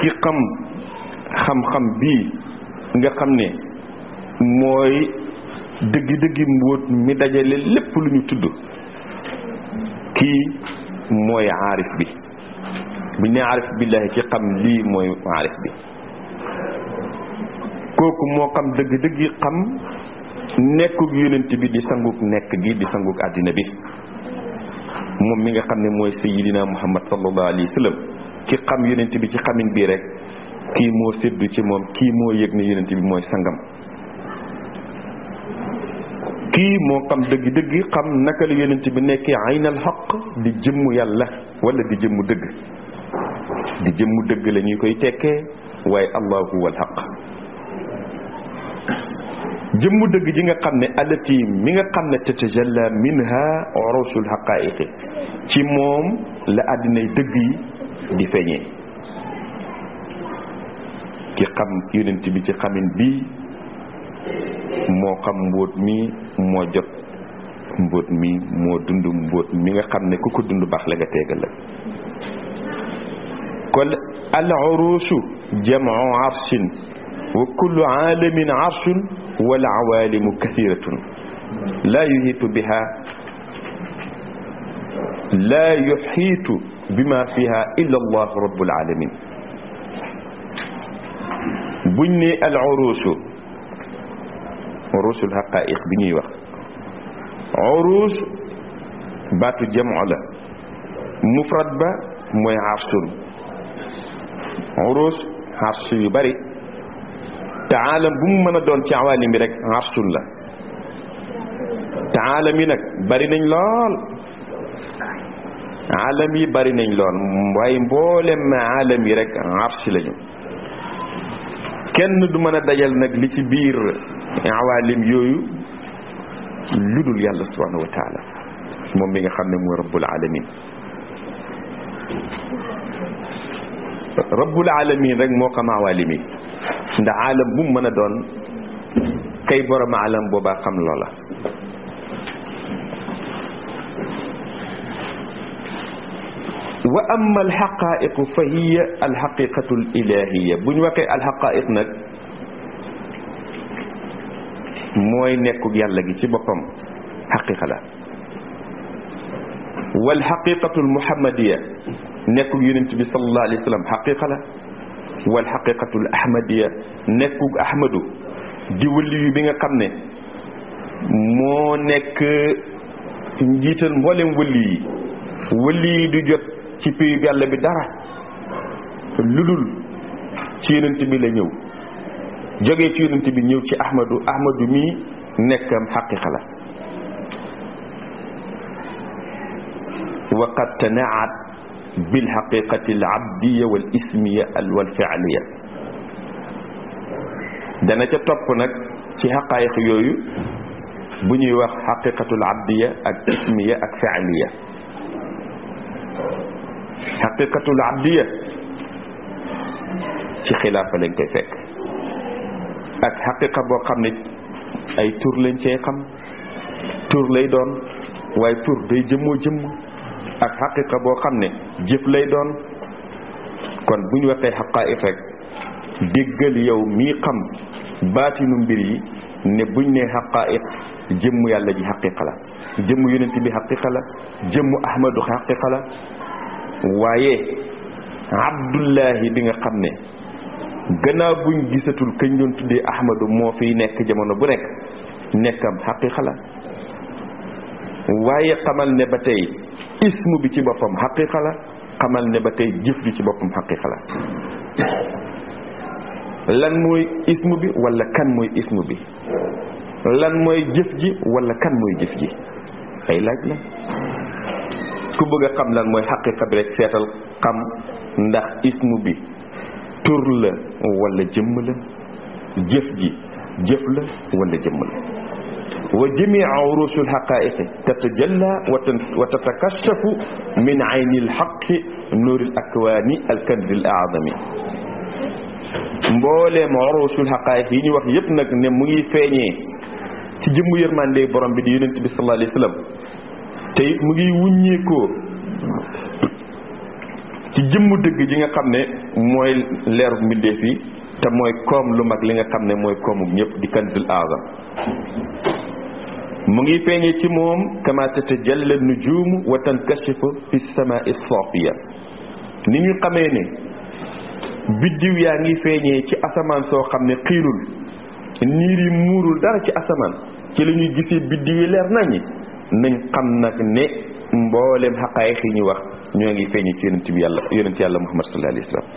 كي قم خم خم بي nga xamne moy deug deug mbot mi dajale lépp luñu tuddu ki moy arif bi bu ñu nee arif billahi ci xam lii mooy arif bi kooku moo xam dëgg dëgg xam nekkug yonent bi di sangug nekk gi di sangug àddina bi moom mi nga xam ne mooy sayyidina muhammad sallallahu alayhi wa sallam ki xam yonent bi ci xamin bii rek kii moo séddu ci moom kii moo yëg ne yonent bi mooy sangam kii moo xam dëgg-dëgg xam naka la yonente bi nekkee ayn al xaq di jëmm yàlla wala di jëmm dëgg di jëmm dëgg la ñuy koy tekkee waaye allah huwa al xaq jëmm dëgg ji nga xam ne alati mi nga xam ne tatajalla minha rusul xaqaiqi ci moom la addinay dëgg yi di feeñee ki xam yonente bi ci xamin bii moo xam mbóot mi moo jot mbóot mi moo dund mbóot mi nga xam ne ku ko dund baax la nga teegal la kon al uruusu jamu arsin wa kullu aalamin arsun wal awaalimu kathiratun laa yuhiitu biha laa yuhiitu bima fiha illa allahu rabbul alamin buñ ne al uruusu urusul xaqaayiq bi ñuy wax urus baatu jamoo la mufrad ba mooy arsul urus arsu yu bari te aalam bu mu mën a doon ci awaalim bi rek arsul la te aalam yi nag bari nañ lool aalam yi bari nañ lool waaye mboolem aalam yi rek arsi lañu kenn du mën a dajal nag li ci biir عوالم يويو لدول يالا سبحانه وتعالى مومي خامن مو رب العالمين رب العالمين رك موكا عوالمي دا عالم بوم مانا دون كاي بورم عالم بوبا خم الله وأما الحقائق فهي الحقيقة الإلهية بني الحقائق نك mooy nekkug yàlla gi ci boppam xaqiqa la wal xaqiqatul muhammadiya nekkug yonent bi sallallahu alayhi wa sallam xaqiqa la wal xaqiqatul ahmadiya nekkug ahmadu di wëliyu bi nga xam ne moo nekk njiital mboolem wëli yi wëli yi du jot ci péyu yàlla bi dara lu dul ci yonent bi la ñëw jógee ci yonent bi ñëw ci ahmadu ahmadu mii nekkam xaqiqa la wa qad tanaat bil xaqiqati al abdiya wal ismiya wal fi'liya dana ca topp nag ci xaqaayiq yooyu bu ñuy wax xaqiqatul abdiya ak ismiya ak fi'liya xaqiqatul abdiya ci xilaafa lañ koy fekk ak xaqiqa boo xam ne ay tur lañ cee xam tur lay doon waaye tur day jëmmoo jëmm ak xaqiqa boo xam ne jëf lay doon kon bu ñu waxee xaqaa'iq rek déggal yow mii xam baatinu mbir yi ne buñ ne xaqaa'iq jëmm yàlla ji xaqiqa la jëmm yonent bi xaqiqa la jëmm ahmadu xaqiqa la waaye abdullahi bi nga xam ne gannaaw buñ gisatul kañ doon tuddee ahmadu moo fiy nekk jamono bu nekk nekkam xaqiqa la waaye xamal ne ba tey ismu bi ci boppam xaqiqa la xamal ne ba tey jëf ji ci boppam xaqiqa la lan mooy ismu bi wala kan mooy ismu bi lan mooy jëf ji walla kan mooy jëf ji ay laaj la ku bëgg a xam lan mooy xaqiqa bi rek seetal xam ndax ismu bi تر ولا جم لا جف ولا جم وجميع عروس الحقائق تتجلى وتتكشف من عين الحق نور الاكوان الكنز الاعظم مبولي عروس الحقائق ني واخ ييب نك فيني ci jëmmu yërmande borom bi di yonent bi sallallahu alayhi wasallam te mu ngi ci jëmm dëgg ji nga xam ne mooy leer mbindee fi te mooy koom lu mag li nga xam ne mooy koomu ñëpp di kanisil aasa mu ngi feeñe ci moom kamaacate jalla nu juum wa tan kachifa fi sama i sofia ni ñu xamee ne biddiw yaa ngi feeñee ci asamaan soo xam ne xiirul niir yi muurul dara ci asamaan ci la ñuy gisee biddiw yi leer nañi nañ xam nag ne mbooleem xaqaayiq yi ñu wax ñoo ngi feeñu ci yonent bi yàlla yonent yàlla muhammad sallallahu alayhi wasallam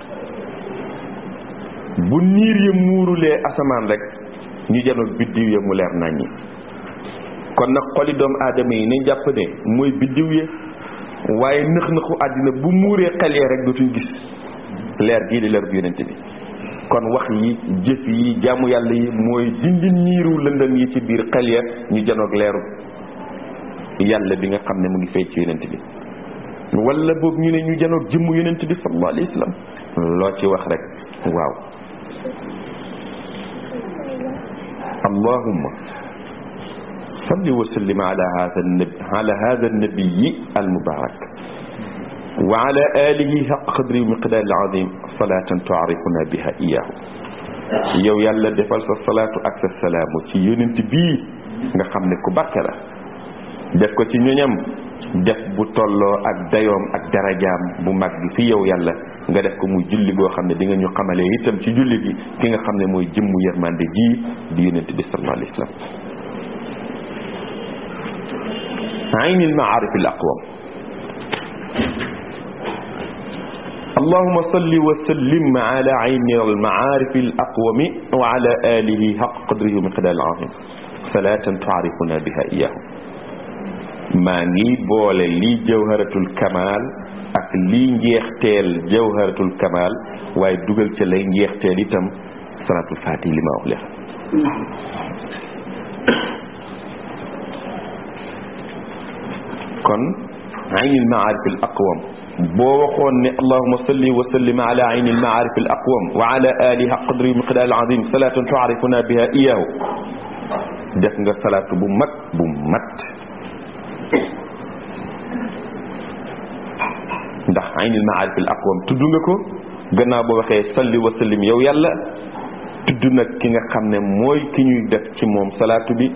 bu niir ya muurulee asamaan rek ñu jano biddiw ya mu leer nañ ñi kon nag xoli doomu aadama yi nañ jàpp ne mooy biddiw ya waaye nëx nëxu àddina bu muuree xel ya rek dootuñ gis leer gii di leer bu yonent bi kon wax yi jëf yi jaamu yàlla yi mooy dindi niiru lëndëm yi ci biir xel ñu janoog leeru yàlla bi nga xam ne mu ngi fay ci yonent bi wala boog ñu ne ñu janoog jëmm yonent bi sallallahu alayhi wasallam loo ci wax rek waaw allahumma salli wa sallim ala hadha an-nabi ala hadha an-nabi al-mubarak wa ala alihi haqq qadri wa miqdar al-azim salatan tu'arifuna biha iyyahu yow yàlla defal sa salaatu ak sa salaamu ci yonent bii nga xam ne ku barke la def ko ci ñuñam def bu tollo ak dayom ak darajaam bu mag bi fi yow yàlla nga def ko muy julli go xamne di nga ñu xamalé itam ci julli bi ki nga xamne moy jëm jëmmu yërmande ji di yonent bi sallallahu alayhi wasallam عين المعارف الأقوى اللهم صل وسلم على عين المعارف الأقوم وعلى آله حق قدره من قدر العظيم صلاة تعرفنا بها إياهم maa ngi boole lii jawharatul kamal ak lii njeexteel jawharatul kamal waaye dugal ca lay njeexteel itam salatul fatih li ma wax leer kon عين المعارف الأقوم بوخون اللهم صل وسلم على عين المعارف الأقوم وعلى آلها قدر مقدار العظيم صلاة تعرفنا بها إياه دفن الصلاة بمت بمت ndax aynil maarif al aqwam tudd nga ko gannaaw boo waxee salli wa sallim yow yàlla tudd ki nga xam ne mooy ki ñuy def ci moom salaatu bi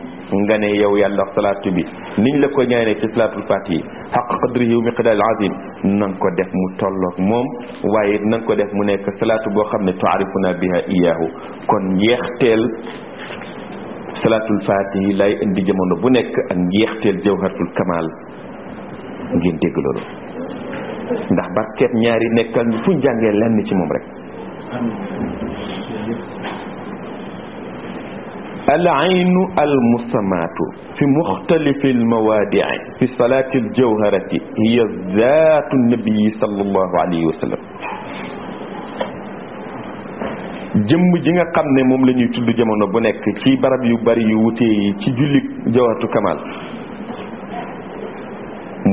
nga ne yow yàlla salaatu bi niñ la ko ñaanee ci salaatul yi xaq qadrihi wa miqdaaril azim na ko def mu tolloog moom waaye na ko def mu nekk salaatu boo xam ne tuarifuna bi iyaahu kon yeexteel salaatul fatih lay indi jamono bu nek ak njeexteel jawharatul kamal ngeen dégg loolu ndax barket ñaari nekkal ñu fu jange len ci mom rek العين المسمات في مختلف الموادع في صلاة الجوهرة هي ذات النبي صلى الله عليه وسلم jëmm ji nga xam ne moom la ñuy tudd jamono bu nekk ci barab yu bari yu wute yi ci julli jawatu kamal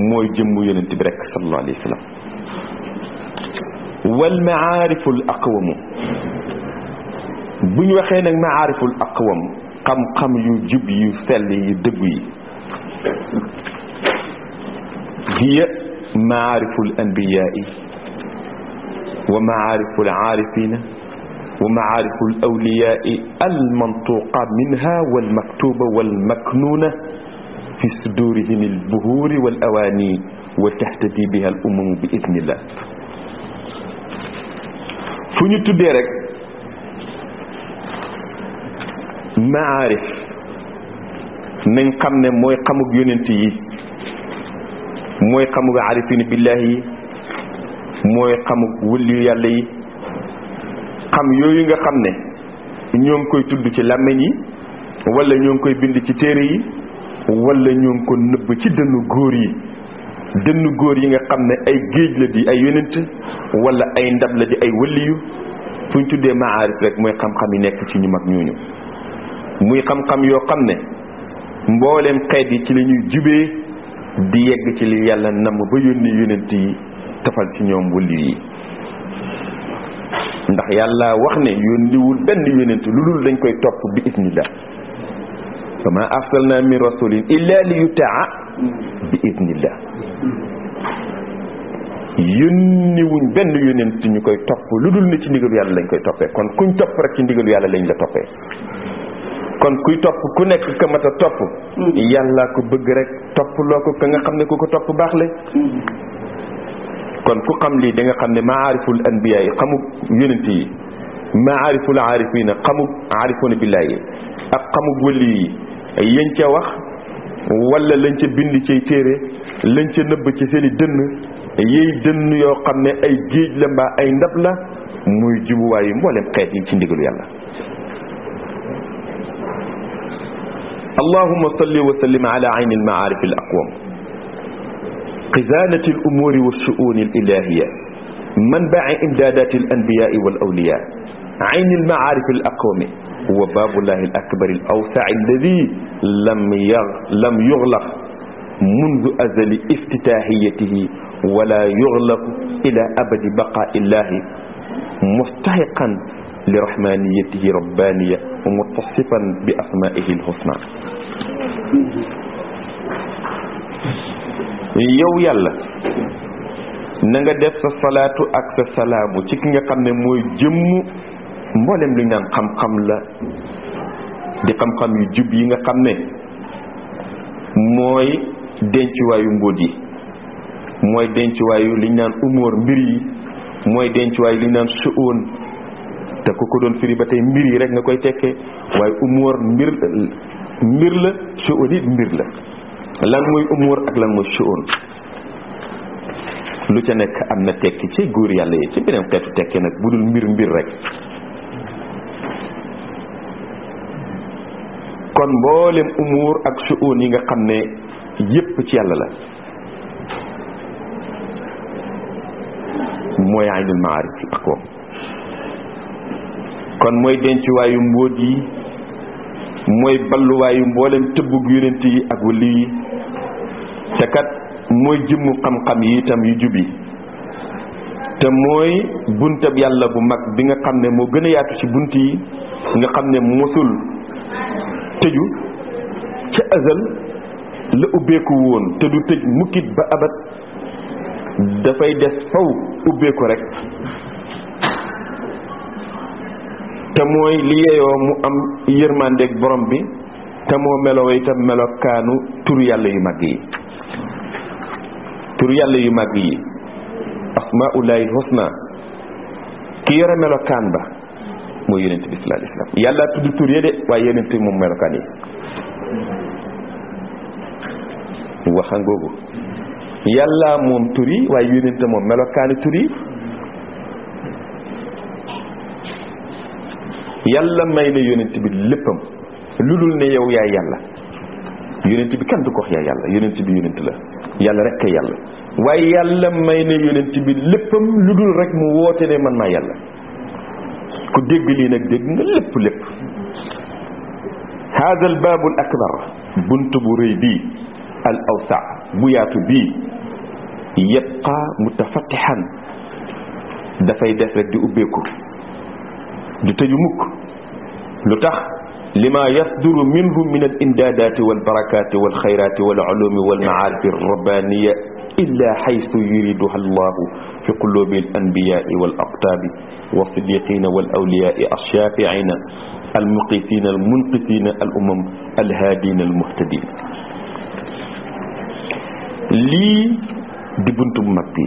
mooy jëmm yonent bi rek sallallahu alayhi wasallam wal maariful aqwamu bu ñu waxee nag maariful aqwam xam-xam yu jub yu sell yu dëgg yi هي معارف الأنبياء ومعارف العارفين ومعارف الأولياء المنطوقة منها والمكتوبة والمكنونة في صدورهم البهور والأواني وتهتدي بها الأمم بإذن الله فني تدرك معارف من خمنا موي خمك يوننتي موي خمك عارفين بالله موي خمك ولي يالله xam yooyu nga xam ne ñoo ngi koy tudd ci làmmiñ yi walla ñoo ngi koy bind ci téere yi wala ñoo ngi ko nëbb ci dënnu góor yi dënnu góor yi nga xam ne ay géej la di ay yonent wala ay ndab la di ay wëliyu fu ñu tuddee maarif rek mooy xam-xam yi nekk ci ñu mag ñooñu muy xam-xam yoo xam ne mbooleem xeet yi ci la jubee di yegg ci li yàlla namm ba yónni yonent yi tafal ci ñoom wëliyu yi ndax yàlla wax ne yónniwul benn yónent lu dul dañ koy topp bi idnillah wa ma arsalna min rasulin illa li yutaa bi idnillah yónniwuñ benn yónent ñu koy topp lu dul ne ci ndigalu yàlla lañ koy toppee kon kuñ topp rek ci ndigalu yàlla lañ la toppee kon kuy topp ku nekk ka mat topp mm. yàlla ko bëgg rek topp loo ko ka nga xam ne ku ko topp baax la kon ku xam lii da nga xam ne maariful anbiya yi xamub yonent yi maariful aarifina xamub aarifuna billahi ak xamub wëli yi yañ ca wax wala lañ ca bind ci téere lañ ca nëbb ci seen i dënn yiy dënn yoo xam ne ay géej la mbaa ay ndab la muy jubuwaayu mboolem xeet yi ci ndigalu yàlla اللهم صل وسلم على عين المعارف الأقوم قذالة الأمور والشؤون الإلهية منبع إمدادات الأنبياء والأولياء عين المعارف الأقوم هو باب الله الأكبر الأوسع الذي لم, لم يغلق منذ أزل افتتاحيته ولا يغلق إلى أبد بقاء الله مستحقا لرحمانيته ربانية ومتصفا بأسمائه الحسنى yow yàlla na nga def sa salaatu ak sa salaamu ci ki nga xam ne mooy jëmm mboolem lu naan xam-xam la di xam-xam yu jub yi nga xam ne mooy dencuwaayu mbóot yi mooy dencuwaayu liñ naan umóor mbir yi mooy dencuwaayu li ñu naan su'oon te ko ko doon firi ba tey mbir yi rek nga koy tekkee waaye umóor mbir mbir la su'oon it mbir la lan mooy umur ak lan muy shu'un lu ca nekk am na tekki ci góor yàlla yi ci beneen xeetu tekki nag bu dul mbir mbir rek kon mboolem umur ak shu'un yi nga xam ne yépp ci yàlla la mooy aynul maarif ak ko kon mooy dencuwaayu mbóot yi mooy balluwaayu mboolem tëbbug yonent yi ak wali yi te kat mooy jëmmu xam-xam yi itam yu jub te mooy bunt yàlla bu mag bi nga xam ne moo gën a yaatu ci bunt yi nga xam ne mosul tëju ci azal la ubbeeku woon te du tëj mukkit ba abat dafay des faw ubbiku rek te mooy li yeyoo mu am yërmandeeg borom bi te moo meloo itam melokaanu tur yàlla yu mag yi yàlla yu mag yi asmaulahi husna ki yore melokaan ba mooy yonent bi sallallahu alayhi wasallam yàlla tudd tur ya de waaye yonent moom melokaan waxa ngoogu yàlla moom tur yi waaye yonent moom melokaani tur yi yàlla may na yonent bi léppam lu dul ne yow yaay yàlla yonent bi kenn du ko wax yàlla yonent bi yonent la yàlla rek kay yàlla way yàlla may na yonent bi léppam lu rek mu wote ne man ma yàlla ku deg li nak deg nga lépp lépp hada al bab al akbar buntu bu rëy bi al awsa bu yaatu bi yabqa mutafatihan da fay def rek di ubbeeku du tëju mukk lutax لما يصدر منه من الإمدادات والبركات والخيرات والعلوم والمعارف الربانية إلا حيث يريدها الله في قلوب الأنبياء والأقطاب والصديقين والأولياء الشافعين المقيتين المنقذين الأمم الهادين المهتدين لي di مكي bu mag bi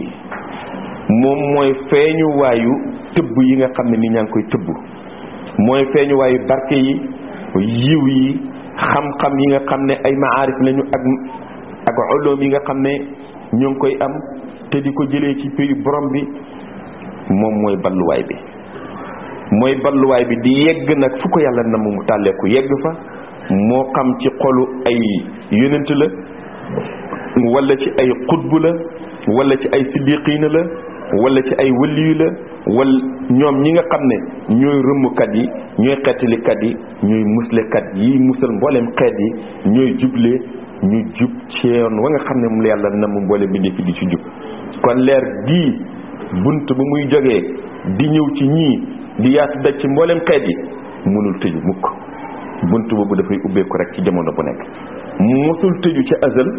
moom mooy feeñu waayu tëbb yi nga xam ne ni ñaa yiw yi xam-xam yi nga xam ne ay maarif lañu ak ak ulum yi nga xam ne ñu ngi koy am te di ko jëlee ci pays borom bi moom mooy balluwaay bi mooy balluwaay bi di yegg nag fu ko yàlla na mu tàlleeku yegg fa moo xam ci xolu ay yonent la wala ci ay xutbu la wala ci ay siddiqiina la wala ci ay wëliyu la wala ñoom ñi nga xam ne ñooy rëmmkat yi ñooy xettalikat yi ñooy muslekat yi musal mboolem xeet yi ñooy juble ñu jub ci yoon wa nga xam ne moom yàlla na mu mboole bindee fi di ci jub kon leer gii bunt ba muy jógee di ñëw ci ñii di yaatu daj ci mboolem xeet yi mënul tëju mukk bunt boobu dafay ubbeeku rek ci jamono bu nekk mu mosul tëju ca azal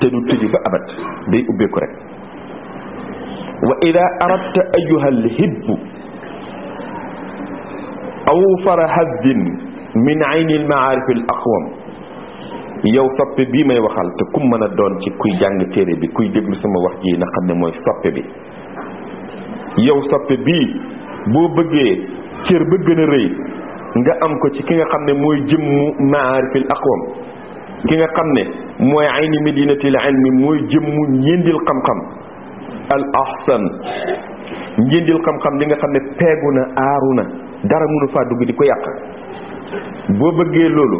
te du tëju ba abat day ubbeeku rek wa ida aradta ayyuhal hibbu aw fara haddin min aynil maarif al aqwam yow soppe bii may waxal te kum mën a doon ci kuy jàng téere bi kuy déglu sama wax ji na xam ne mooy soppe bi yow soppe bi boo bëggee cër ba gën rëy nga am ko ci ki nga xam ne mooy jëmmu maarifil aqwam ki nga xam ne mooy ayni madinatil ilmi mooy jëmmu ñeendil xam al ahsan njëndil xam-xam li nga xam ne peegu na aaru na dara mënu faa dugg di ko yàq boo bëggee loolu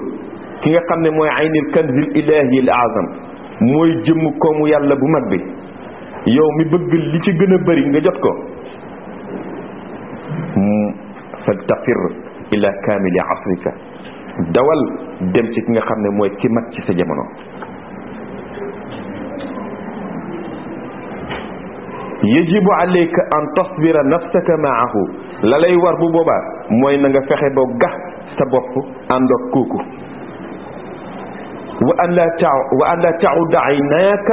ki nga xam ne mooy ay kanzil ilahi al azam mooy jëm koomu yàlla bu mag bi yow mi bëgg li ci gën a bari nga jot ko faltafir ila kaamili asrika dawal dem ci ki nga xam ne mooy ki mag ci sa jamono يجب عليك أن تصبر نفسك معه لا لا يوار بوبا موي نغا فخي بو غا سا بوب اندوك كوكو وان لا تعو وان لا تعو دعيناك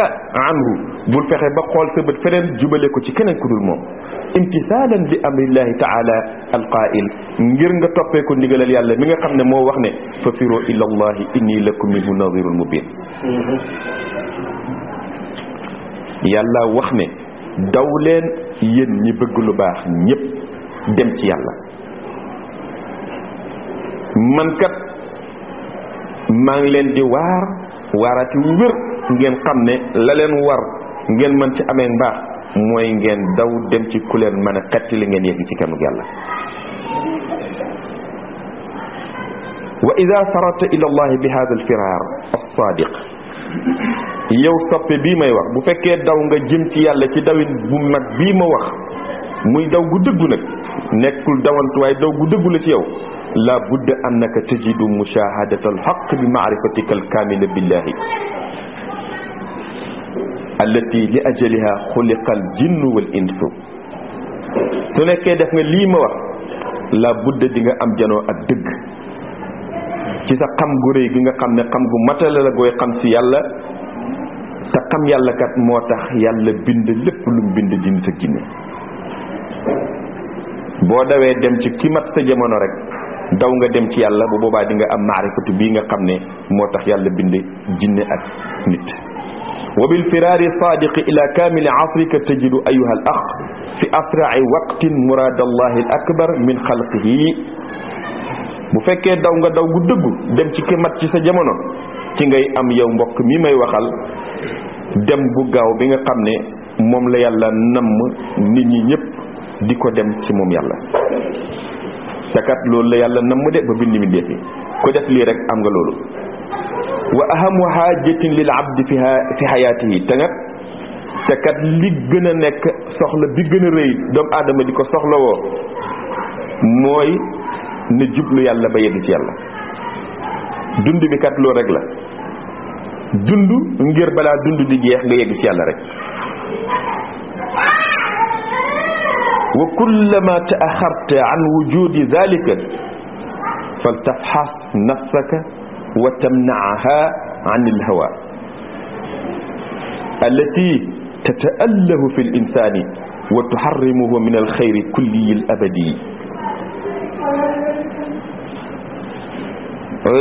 عنه بول فخي با خول سا بت فنن جوبالي كو سي كنن كودول موم امتثالا لامر الله تعالى القائل غير nga topé ko ndigalal yalla mi nga xamné mo wax né fa firu illa allah inni lakum minhu nadhirul mubin yalla wax né daw leen yéen ñi bëgg lu baax ñépp dem ci yàlla man kat maa ngi leen di waar waaraati wér ngeen xam ne la leen war ngeen mën ci amee mbaax mooy ngeen daw dem ci ku leen mën a xetti li ngeen yegg ci kanug yàlla wa ida farata ila allahi bi hada alfiraar alsadiq yow soppe bi may wax bu fekkee daw nga jëm ci yàlla ci dawin bu mag bii ma wax muy daw gu dëggu nag nekkul dawantu waaye daw gu dëggu la ci yow la budda annaka tajidu mushahadata alhaq bi maarifatika alkamila billahi allati li ajaliha xuliqa aljinnu wal insu su nekkee def nga lii ma wax la budda di nga am janoo ak dëgg ci sa xam gu rëy gi nga xam ne xam gu matale la gooy xam si yàlla te xam yàlla kat moo tax yàlla bind lépp lu mu bind di nit ak jinne boo dawee dem ci ki mat sa jamono rek daw nga dem ci yàlla bu boobaa di nga am maarifatu bii nga xam ne moo tax yàlla bind jinne ak nit wa bil firaari saadiqi ila kaamili asrika tajidu ayuha al fi asrai waqtin muraad allahi al akbar min xalqihi bu fekkee daw nga daw gu dëggu dem ci ki mat ci sa jamono ci ngay am yow mbokk mi may waxal dem bu gaaw bi nga xam ni moom la yàlla namm nit ñi ñëpp di ko dem ci moom yàlla te kat loolu la yàlla namm de ba bind mi defi ko def lii rek am nga loolu wa ahamu haajatin lil abdi fi fi xayaatihi te kat te kat li gën a nekk soxla bi gën a rëy doomu aadama di ko soxlawoo mooy na jublu yàlla ba yegg ci yàlla dund bi kat loolu rek la dund ngir bala dund di jeex nga yegg ci yàlla rek wa kullama ta'akharta an wujudi dhalika faltafhas nafsaka wa tamna'aha عن الهوى التي تتأله في الإنسان وتحرمه من الخير كلي الأبدي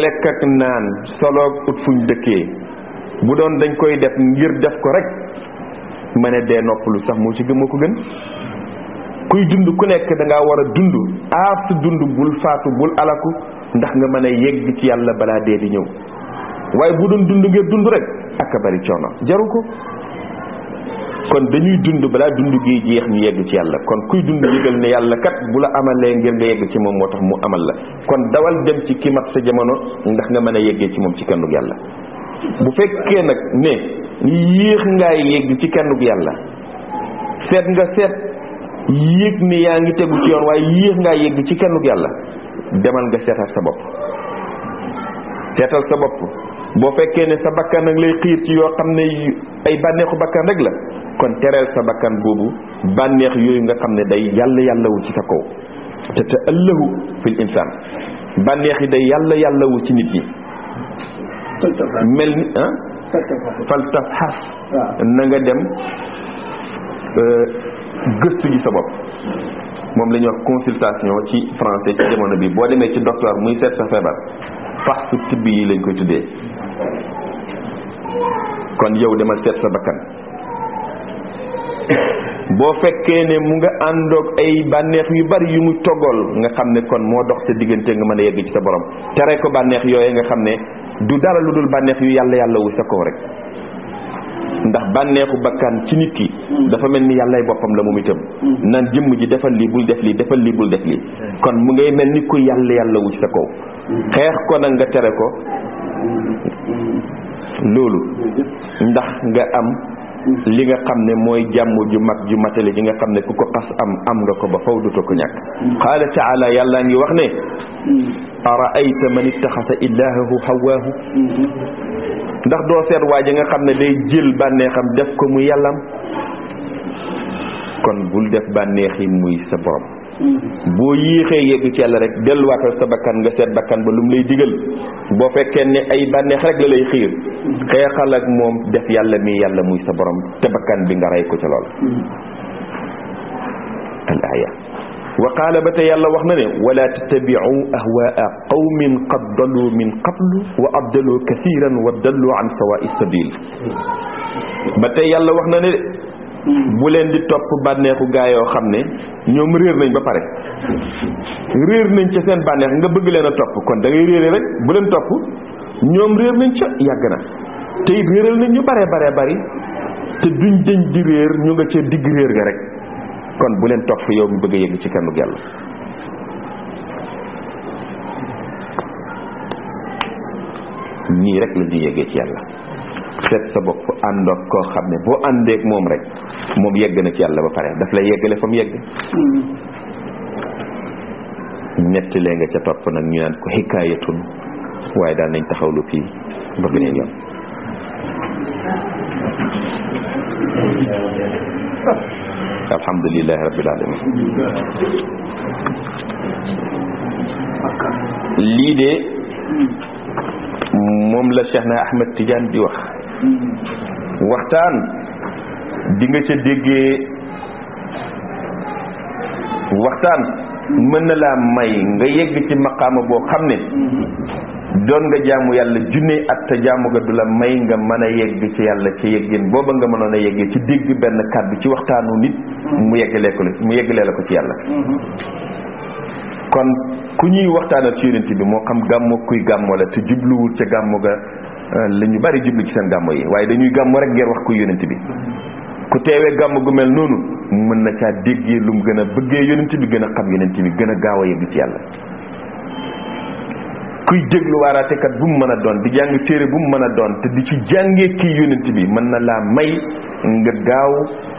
لكك نان صلوك أتفن دكي bu doon dañ koy def ngir def ko rek ma ne dee noppalu sax moo ci moo ko gën kuy dund ku nekk da ngaa war a dund aar sa dund bul faatu bul alaku ndax nga mën a yegg ci yàlla balaa dee di ñëw waaye bu doon dund ngir dund rek ak a bari coono jaru ko kon dañuy dund balaa dund gi jeex ñu yegg ci yàlla kon kuy dund yëgal ne yàlla kat bu la amalee ngir nga yegg ci moom moo tax mu amal la kon dawal dem ci ki mat sa jamono ndax nga mën a yeggee ci moom ci kandug yàlla bu fekkee nag ne yéex ngaa yég ci kennuk yàlla seet nga seet yég ne yaa ngi tegu ci yoon waaye yéex ngaa yég ci kennuk yàlla demal nga seetal sa bopp seetal sa bopp boo fekkee ne sa bakkan nag lay xiir ci yoo xam ne ay bànneexu bakkan rek la kon tereel sa bakkan boobu bànneex yooyu nga xam ne day yàlla yàllawu ci sa kaw te te ëllëhu fil insaan bànneex yi day yàlla yàllawu ci nit yi mel ni ah faltafxas na nga dem euh, gëstu ji sa bopp moom la ñuy wax consultation ci français ci jamono bi boo demee ci docteur muy seet sa feebar faxsu tibb yi lañ koy tuddee kon yow demal seet sa bakkan boo fekkee ne mu nga àndoog ay bànneex yu bari yu mu toggal nga xam ne kon moo dox sa diggante nga mën a yegg ci sa borom tere ko bànneex yooyu nga xam ne du dara lu dul bànneex yu yàlla yàlla wu sa kaw rek ndax bànneexu bakkan ci nit ki dafa mel ni yàllay boppam la moom itam nan jëmm ji defal li bul def li defal li bul def li kon mu ngay mel ni ku yalla yàlla wu sa kaw xeex ko nag nga tere ko loolu ndax nga am li nga xam ne mooy jàmm ju mag ju matale ji nga xam ne ku ko xas am am nga ko ba faw du ko ñàkk qaala taala yàllaa ngi wax ne araayta man ittaxasa ilaahahu hawaahu ndax doo seet waa ji nga xam ne day jël bànneexam def ko mu yàllam kon bul def bànneexi muy sa borom boo yéexee yegg ci yàlla rek delluwaatal sa bakkan nga seet bakkan ba lu mu lay digal boo fekkee ne ay bànneex rek la lay xiir xeexal ak moom def yàlla mi yàlla muy sa borom te bakkan bi nga rey ko ci lool al aya wa qaala ba tey yàlla wax na ne wala tattabiu ahwaa qawmin qad dallu min qablu wa abdalu kathiran wa dallu an sawaai sabil ba tey yàlla wax na ne bu leen di top banexu gaay yo xamne ne reer nañ ba pare reer nañ ci seen banex nga bëgg leena top kon da ngay réere rek bu leen top ñom reer nañ ci yag na te it nañ ñu bare bare bari te duñ deñ di reer ñu nga ci dig reer ga rek kon bu leen top yow mu bëgg yegg ci ni rek la di ci yalla set sa bopp ànd ak koo xam ne boo àndeek moom rek mom yegg na ci yàlla ba pare daf lay yeggale fam yegg ñetti le nga ca top nak ñu naan ko hikayatun waaye dal nañ taxawlu fi ba gëné yoon الحمد لله رب العالمين de moom la cheikh na ahmed tidiane di wax waxtaan di nga ca déggee waxtaan mën na laa may nga yegg ci maqaama boo xam ne doon nga jaamu yàlla junne at te jaamu nga du la may nga mën a yegg ci yàlla ci yeggin booba nga mënoon a yeggee ci dégg benn kàddu ci waxtaanu nit mu yeggalee ko mu yeggalee la ko ci yàlla kon ku ñuy waxtaan ci yonent bi moo xam gàmmo kuy gàmmo la te jubluwul ca gàmmo ga la ñu bari jublu ci seen gàmmu yi waaye dañuy gàmmu rek ngir wax ko yonent bi ku teewee gàmmu gu mel noonu mën na caa déggee lu mu gën a bëggee yonent bi gën a xam yonent bi gën a gaaw a yegg ci yàlla kuy déglu bu mu mën a doon di jàng téere bu mu mën a doon te di ci jàngee kii yonent bi mën na laa may nga gaaw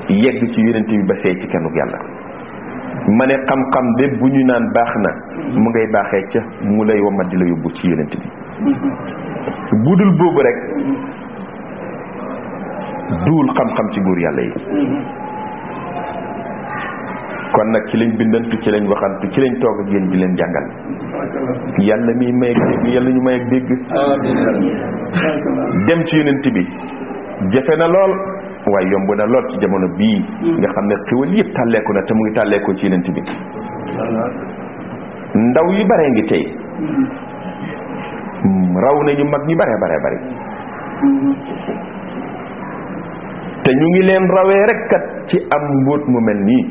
yegg ci yonent bi ba seey ci kennu yàlla ma ne xam-xam de bu ñu naan baax na mu ngay baaxee ca mu lay wamat di la yóbbu ci yonent bi budul boobu rek duwul xam-xam ci góor yàlla yi kon nag ci lañ bindantu ci lañ waxantu ci lañ toog ak yéen di leen jàngal yàlla mi may ak dégg yàlla ñu may ak dégg dem ci yonent bi jafe na lool waaye yomb na lool ci jamono bii mm. nga xam ne xéwal yëpp tàlleeku na te mu ngi tàlleekoo ci yeneen bi ndaw yu bare ngi tey mm. raw nañu mag ñi bare bare bari te ñu ngi leen rawee rek kat ci am mbóot mu mel nii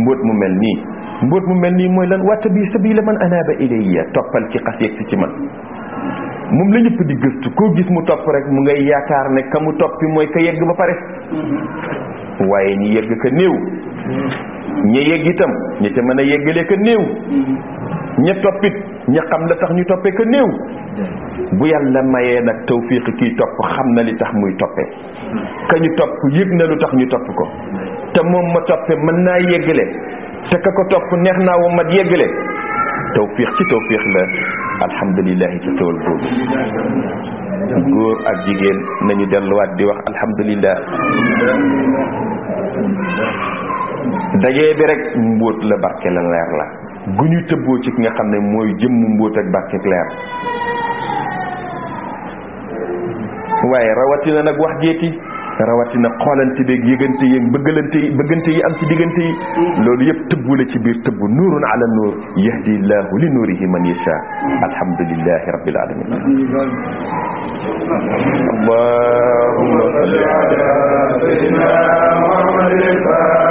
mbóot mu mel nii mbóot mu mel nii mooy lan watta bii sabila man anaba ilayya toppal ki xas yegsi ci man moom la ñëpp di gëstu koo gis mu topp rek mu ngay yaakaar ne ka mu toppi mooy ka yegg ba pare waaye ñi yegg ka néew ña yegg itam ña ca mën a yeggalee ka néew ña toppit ña xam la tax ñu toppee ka néew bu yàlla mayee nag tawfiq kiy topp xam na li tax muy toppee ka ñu topp yëg na lu tax ñu topp ko te moom ma toppee mën naa yeggale te ka ko topp neex naa wa mat yeggale tawfiix ci tawfiix la alhamdulilahi ci tool boobu góor ak jigéen nañu delluwaat di wax alhamdulilah dajee bi rek mbóot la barke la leer la gu ñu tëbboo ci ki nga xam ne mooy jëmm mbóot ak barke leer waaye rawatina nag wax jeeti rawatina xoolante beeg yëgante yeeg bëggalante yi bëggante yi am ci diggante yi loolu yëpp tëbbu la ci biir tëbbu nuurun ala nuur yahdi llahu li nuurihi man yasha alhamdulillahi rabbil alamin allahumma salli ala sayyidina muhammadin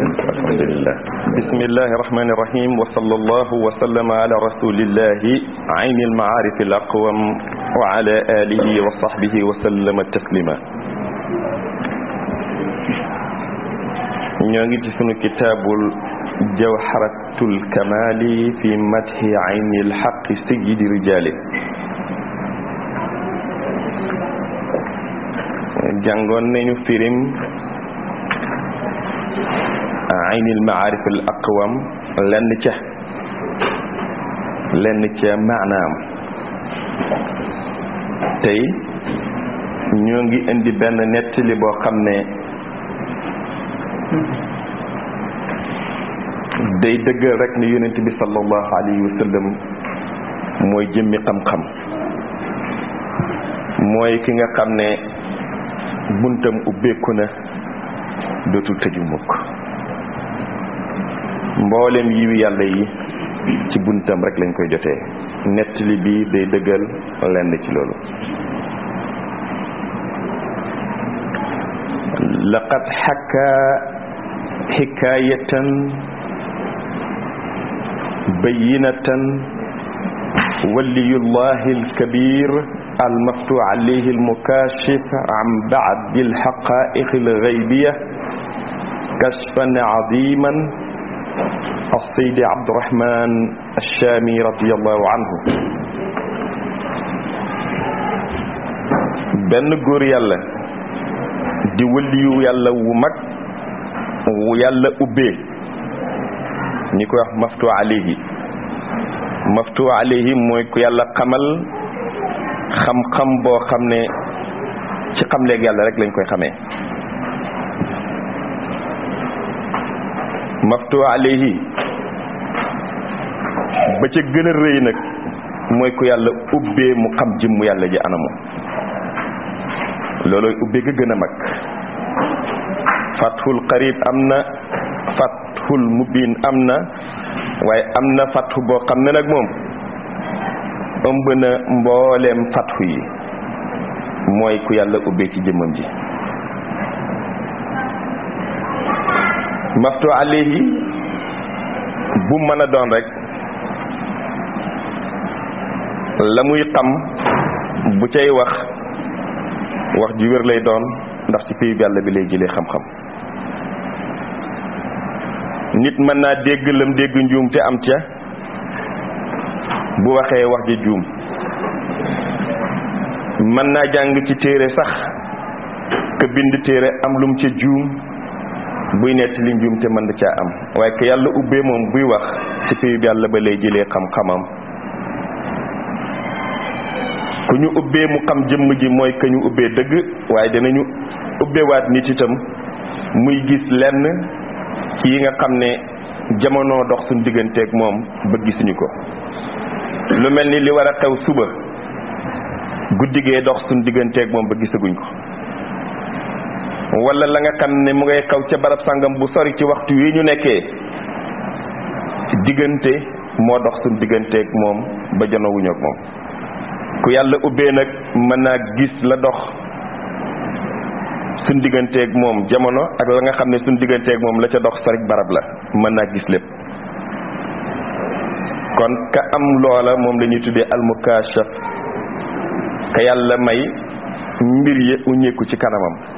بسم الله الرحمن الرحيم وصلى الله وسلم على رسول الله عين المعارف الأقوم وعلى آله وصحبه وسلم التسليما نجلسنا كتاب جوحرة الكمال في مدح عين الحق سيد رجاله جانغون نيو فيريم aynil maarif al lenn ca lenn ca maanaam tey ñoo ngi indi benn nettali boo xam ne day dëggal rek ne yonent bi sallallahu alayhi wa mooy jëmmi xam-xam mooy ki nga xam ne buntam ubbeeku na dootul tëju mukk mbollem yi wi yàlla yi ci buntam rek lañ koy jotee netli bi day deugal lenn ci lolu laqad xakka xikaayatan bayinatan waliyullahi alkabir المفتو عليه المكاشف عن بعد الحقائق الغيبية كشفا عظيما الصيدي عبد الرحمن الشامي رضي الله عنه benn góor yàlla di wëliyu yàlla wu mag wu yàlla ubbee ñi koy wax maftu alayhi maftu alayhi mooy ku yàlla xamal xam-xam boo xam ne ci xamleeg yàlla rek lañ koy xamee maftu alayhi ba ca gën a rëy nag mooy ku yàlla ubbee mu xam jëmm yàlla ji anamu loolooy ubbee ga gën a mag fathul qarib am na fathul mubin am na waaye am na fathu boo xam ne nag moom ëmb na mbooleem fathu yi mooy ku yàlla ubbee ci jëmmam ji maftu alayhi bu mën a doon rekk la muy xam bu cay wax wax ji wér lay doon ndax ci fi yàlla bi lay jëlee xam-xam nit mën naa dégg lam dégg njuum te am ca bu waxee wax ji juum mën naa jàng ci téere sax ka bind téere am lum ca juum buy nettali njuumte mën na caa am waaye que yàlla ubbee moom buy wax ci payub yàlla ba lay jëlee xam-xamam ku ñu ubbee mu xam jëmm ji mooy que ñu ubbee dëgg waaye danañu ubbewaat nit itam muy gis lenn ci yi nga xam ne jamono dox suñu digganteeg moom ba gisuñu ko lu mel ni li war a xew suba guddigee dox suñu digganteeg moom ba gisaguñ ko walla la nga xam ne mu ngay xaw ca barab sàngam bu sori ci waxtu wi ñu nekkee diggante moo dox suñ digganteeg moom ba jonowuñu ak moom ku yàlla ubbee nag mën naa gis la dox suñ digganteeg moom jamono ak la nga xam ne suñ digganteek moom la ca dox sori barab la mën naa gis lépp kon ka am loola moom lañuy ñuy tuddee almukashaf ka yàlla may mbir yi uñeeku ci kanamam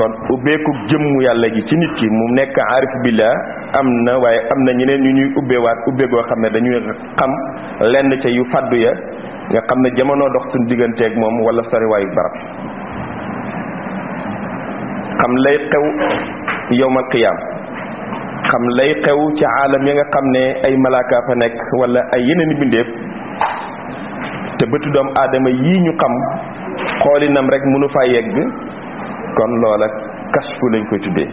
kon ubbeeku jëmmu yàlla ji ci nit ki mu nekk arif billah am na waaye am na ñeneen yu ñuy ubbeewaat ubbe goo xam ne dañuy xam lenn ca yu fàddu ya nga xam ne jamono dox suñ digganteeg moom wala sariwaayu barab xam lay xew yowmal qiyaam xam lay xew ci aalam ya nga xam ne ay malaaka fa nekk wala ay yeneen i te bëtu doom aadama yii ñu xam xoolinam rek mënu fa yegg kon loola kasfu lañ ko tuddee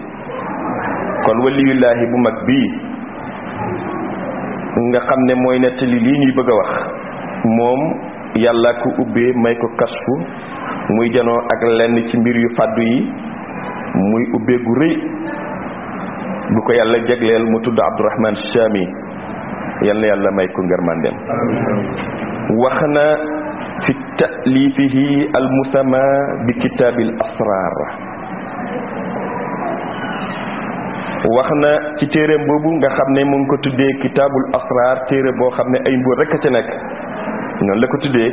kon waliyullahi bu mag bii nga xam ne mooy nettali lii ñuy bëgg a wax moom yàlla ko ubbee may ko kasfu muy janoo ak lenn ci mbir yu faddu yi muy ubbee gu rëy bu ko yàlla jegleel mu tudd abdourahman chami yal na yàlla may ko ngërmandem wax na fi ta'lifihi al musamma bi kitaabil asraar wax na ci téereem boobu nga xam ne mu ngi ko tuddee kitaabul asraar téere boo xam ne ay mbóot rekk a ca nekk noonu la ko tuddee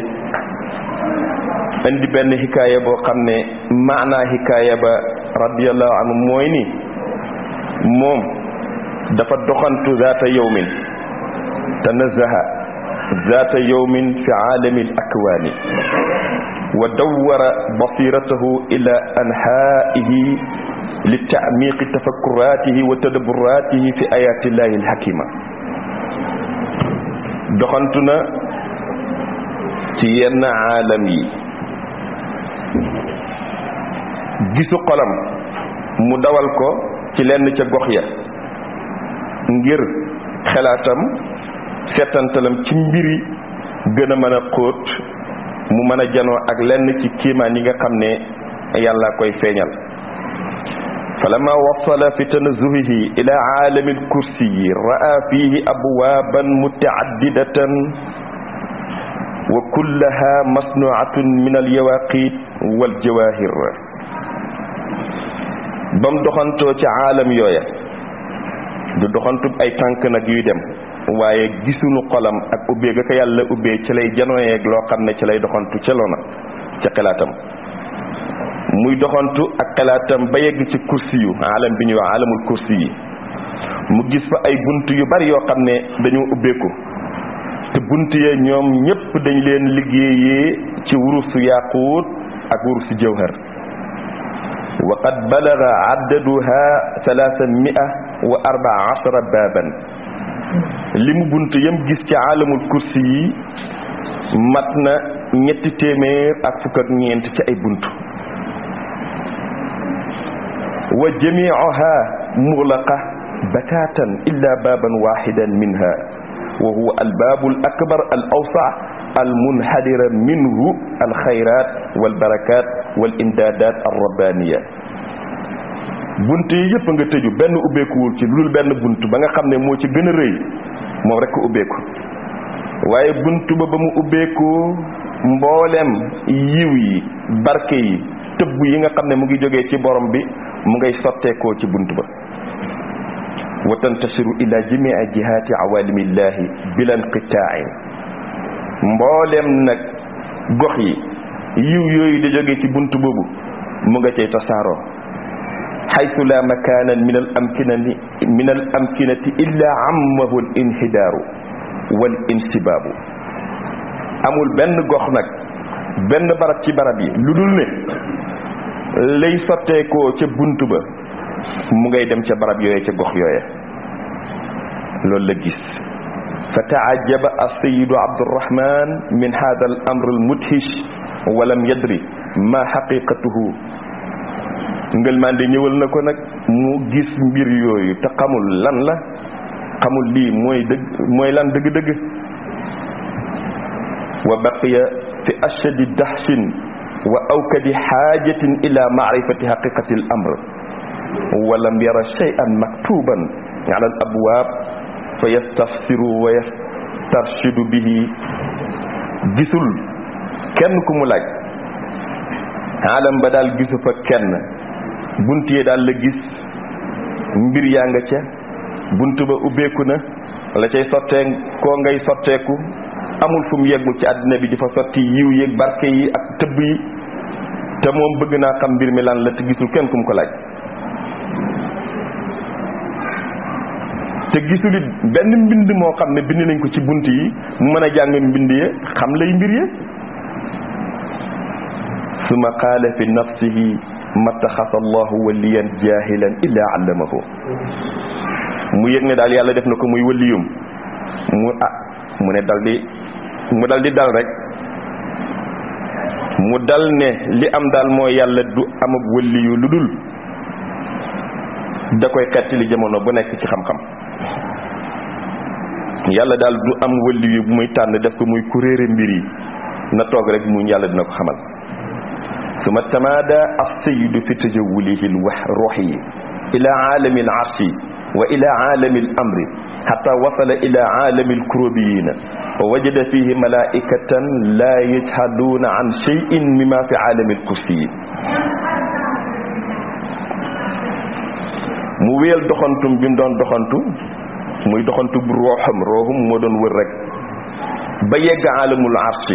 indi benn xikaaya boo xam ne maanaa xikaaya ba radiyallahu anhu mooy moom dafa doxantu zaata yawmin tanazaha ذات يوم في عالم الأكوان ودور بصيرته إلى أنحائه لتعميق تفكراته وتدبراته في آيات الله الحكيمة دخلتنا تينا عالمي aalam قلم gisu xolam mu dawal ko ci lenn ca gox ya ngir xelaatam setantalam ci mbiri gën a mën a xóot mu mën janoo ak lenn ci kiimaan yi nga xam ne yàlla koy feeñal فلما وصل في تنزهه إلى عالم الكرسي رأى فيه أبوابا متعددة وكلها مصنوعة من اليواقيت والجواهر bam doxantoo ci aalam yooya du doxantub ay tànk nag yuy dem waaye gisuñu xolam ak ubbee ga ko yàlla ubbee ci lay janooyeeg loo xam ne ci lay doxantu ca loona ca xelaatam muy doxantu ak xelaatam ba yegg ci kursi yu bi ñuy wax alamul kursi yi mu gis fa ay bunt yu bari yoo xam ne dañoo ubbeeku te bunt yee ñoom ñépp dañ leen liggéeyee ci wurusu yaaquut ak wurusu jawhar wa qad balaga addaduha salaasa mia wa arbaa baaban limu buntu yam gis ci alamul kursi yi mat ñetti témèr ak fuk ak ñent ci ay buntu wa jamiuha muglaqa batatan illa baban wahidan minha wa huwa al-bab al-akbar albabu alakbar alawsa almunhadira minhu alkhayrat walbarakat walimdadat alrabbaniya bunt yi yëpp nga tëju benn ubbeekuwul ci lu dul benn bunt ba nga xam ne moo ci gën a rëy moom rekk ko ubbeeku waaye bunt ba ba mu ubbeekoo mboolem yiw yi barke yi tëbb yi nga xam ne mu ngi jógee ci borom bi mu ngay sotteekoo ci bunt ba wa tantasiru ila jamii jihaati awalimillahi bila inqitaain mboolem nag gox yi yiw yooyu di jógee ci bunt boobu mu nga cay tasaaroo xaytu la makaanan min al amkinati min al amkinati illa ammahu al inxidaaru wal insibaabu amul benn gox nag benn barab ci barab yi lu dul ne lay sotteekoo ca bunt ba mu ngay dem ca barab yooye ca gox yooye loolu la gis fa taajaba alsayidu abdurahman min hada al amr al mudhish walam yadri ma xaqiqatuhu ngëlmande ñëwal nako nak nag mu gis mbir yoyu ta xamul lan la xamul li moy deug moy lan deug deug wa baqiya fi ashadi dahshin wa awkadi hajatin ila ma'rifati haqiqati al amr wa lam yara shay'an maktuban ala al-abwab fa yastafsiru wa yastarshidu bihi gisul kenn ku mu laaj alam ba daal gisu fa kenn bunt yi daal la gis mbir yaa nga ca bunt ba ubbeeku na la cay sottee koo ngay sotteeku amul fu mu yegg ci àddina bi di fa sotti yiw yeeg barke yi ak tëbb yi te moom bëgg naa xam mbir mi lan la te gisul kenn ku mu ko laaj te gisulit benn mbind moo xam ne bind nañ ko ci bunt yi mu mën a jàng mbind ya xam lay mbir ya suma qaale fi nafsihi mattaxasa allahu waliyan jahilan illa allamahu mu yëg ne daal yàlla def na ko muy waliyum mu ah mu ne daldi mu daldi di dal rek mu dal ne li am daal mooy yàlla du am ak lu dul da koy xetti jamono bu nekk ci xam-xam yàlla daal du am waliyu muy tànn def ko muy kuréere mbir yi na toog rek mu yàlla dina ko xamal ثم تمادى السيد في تجوله الروحي إلى عالم العرش وإلى عالم الأمر حتى وصل إلى عالم الكروبيين ووجد فيه ملائكة لا يجهدون عن شيء مما في عالم الكرسي مويل دخنتم doxantum bi mu doon doxantu muy doxantu bu ورك rooxum عالم العرش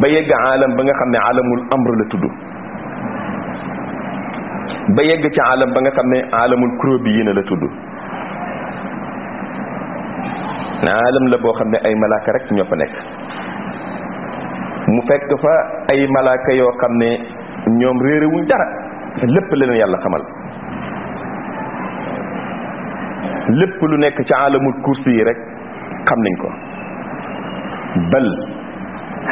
ba yegg aalam ba nga xam ne aalamul amr la tudd ba yegg ci aalam ba nga xam ne aalamul kurubiyiina la tudd aalam la boo xam ne ay malaaka rek ñoo fa nekk mu fekk fa ay malaaka yoo xam ne ñoom réerewuñ dara lépp la leen yàlla xamal lépp lu nekk ci aalamul kursi yi rek xam nañ ko bal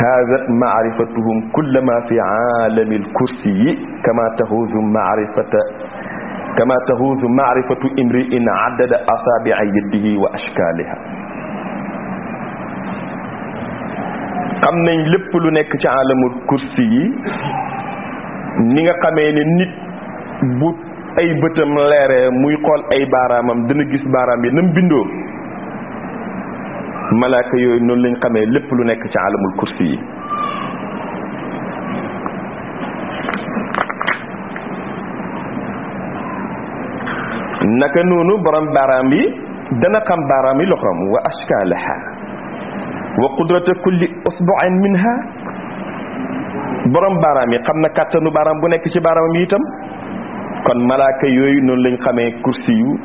هذا معرفتهم كل ما في عالم الكرسي كما تهوز معرفة كما تهوز معرفة امرئ عدد أصابع يده وأشكالها كم من لب لنك عالم الكرسي نيغا خامي ني نيت بو اي بتم ليري موي اي بارامم دنا بارام بي malaaka yooyu noonu lañ xamee lépp lu nekk ci alamul kursi yi naka noonu borom baaraam yi dana xam baaraam yi loxoom wa ashkaalaha wa qudrata kulli usbu'in minha borom baaraam yi xam na kàttanu baaraam bu nekk ci baaraam yi itam kon malaaka yooyu noonu lañ xamee kursi yu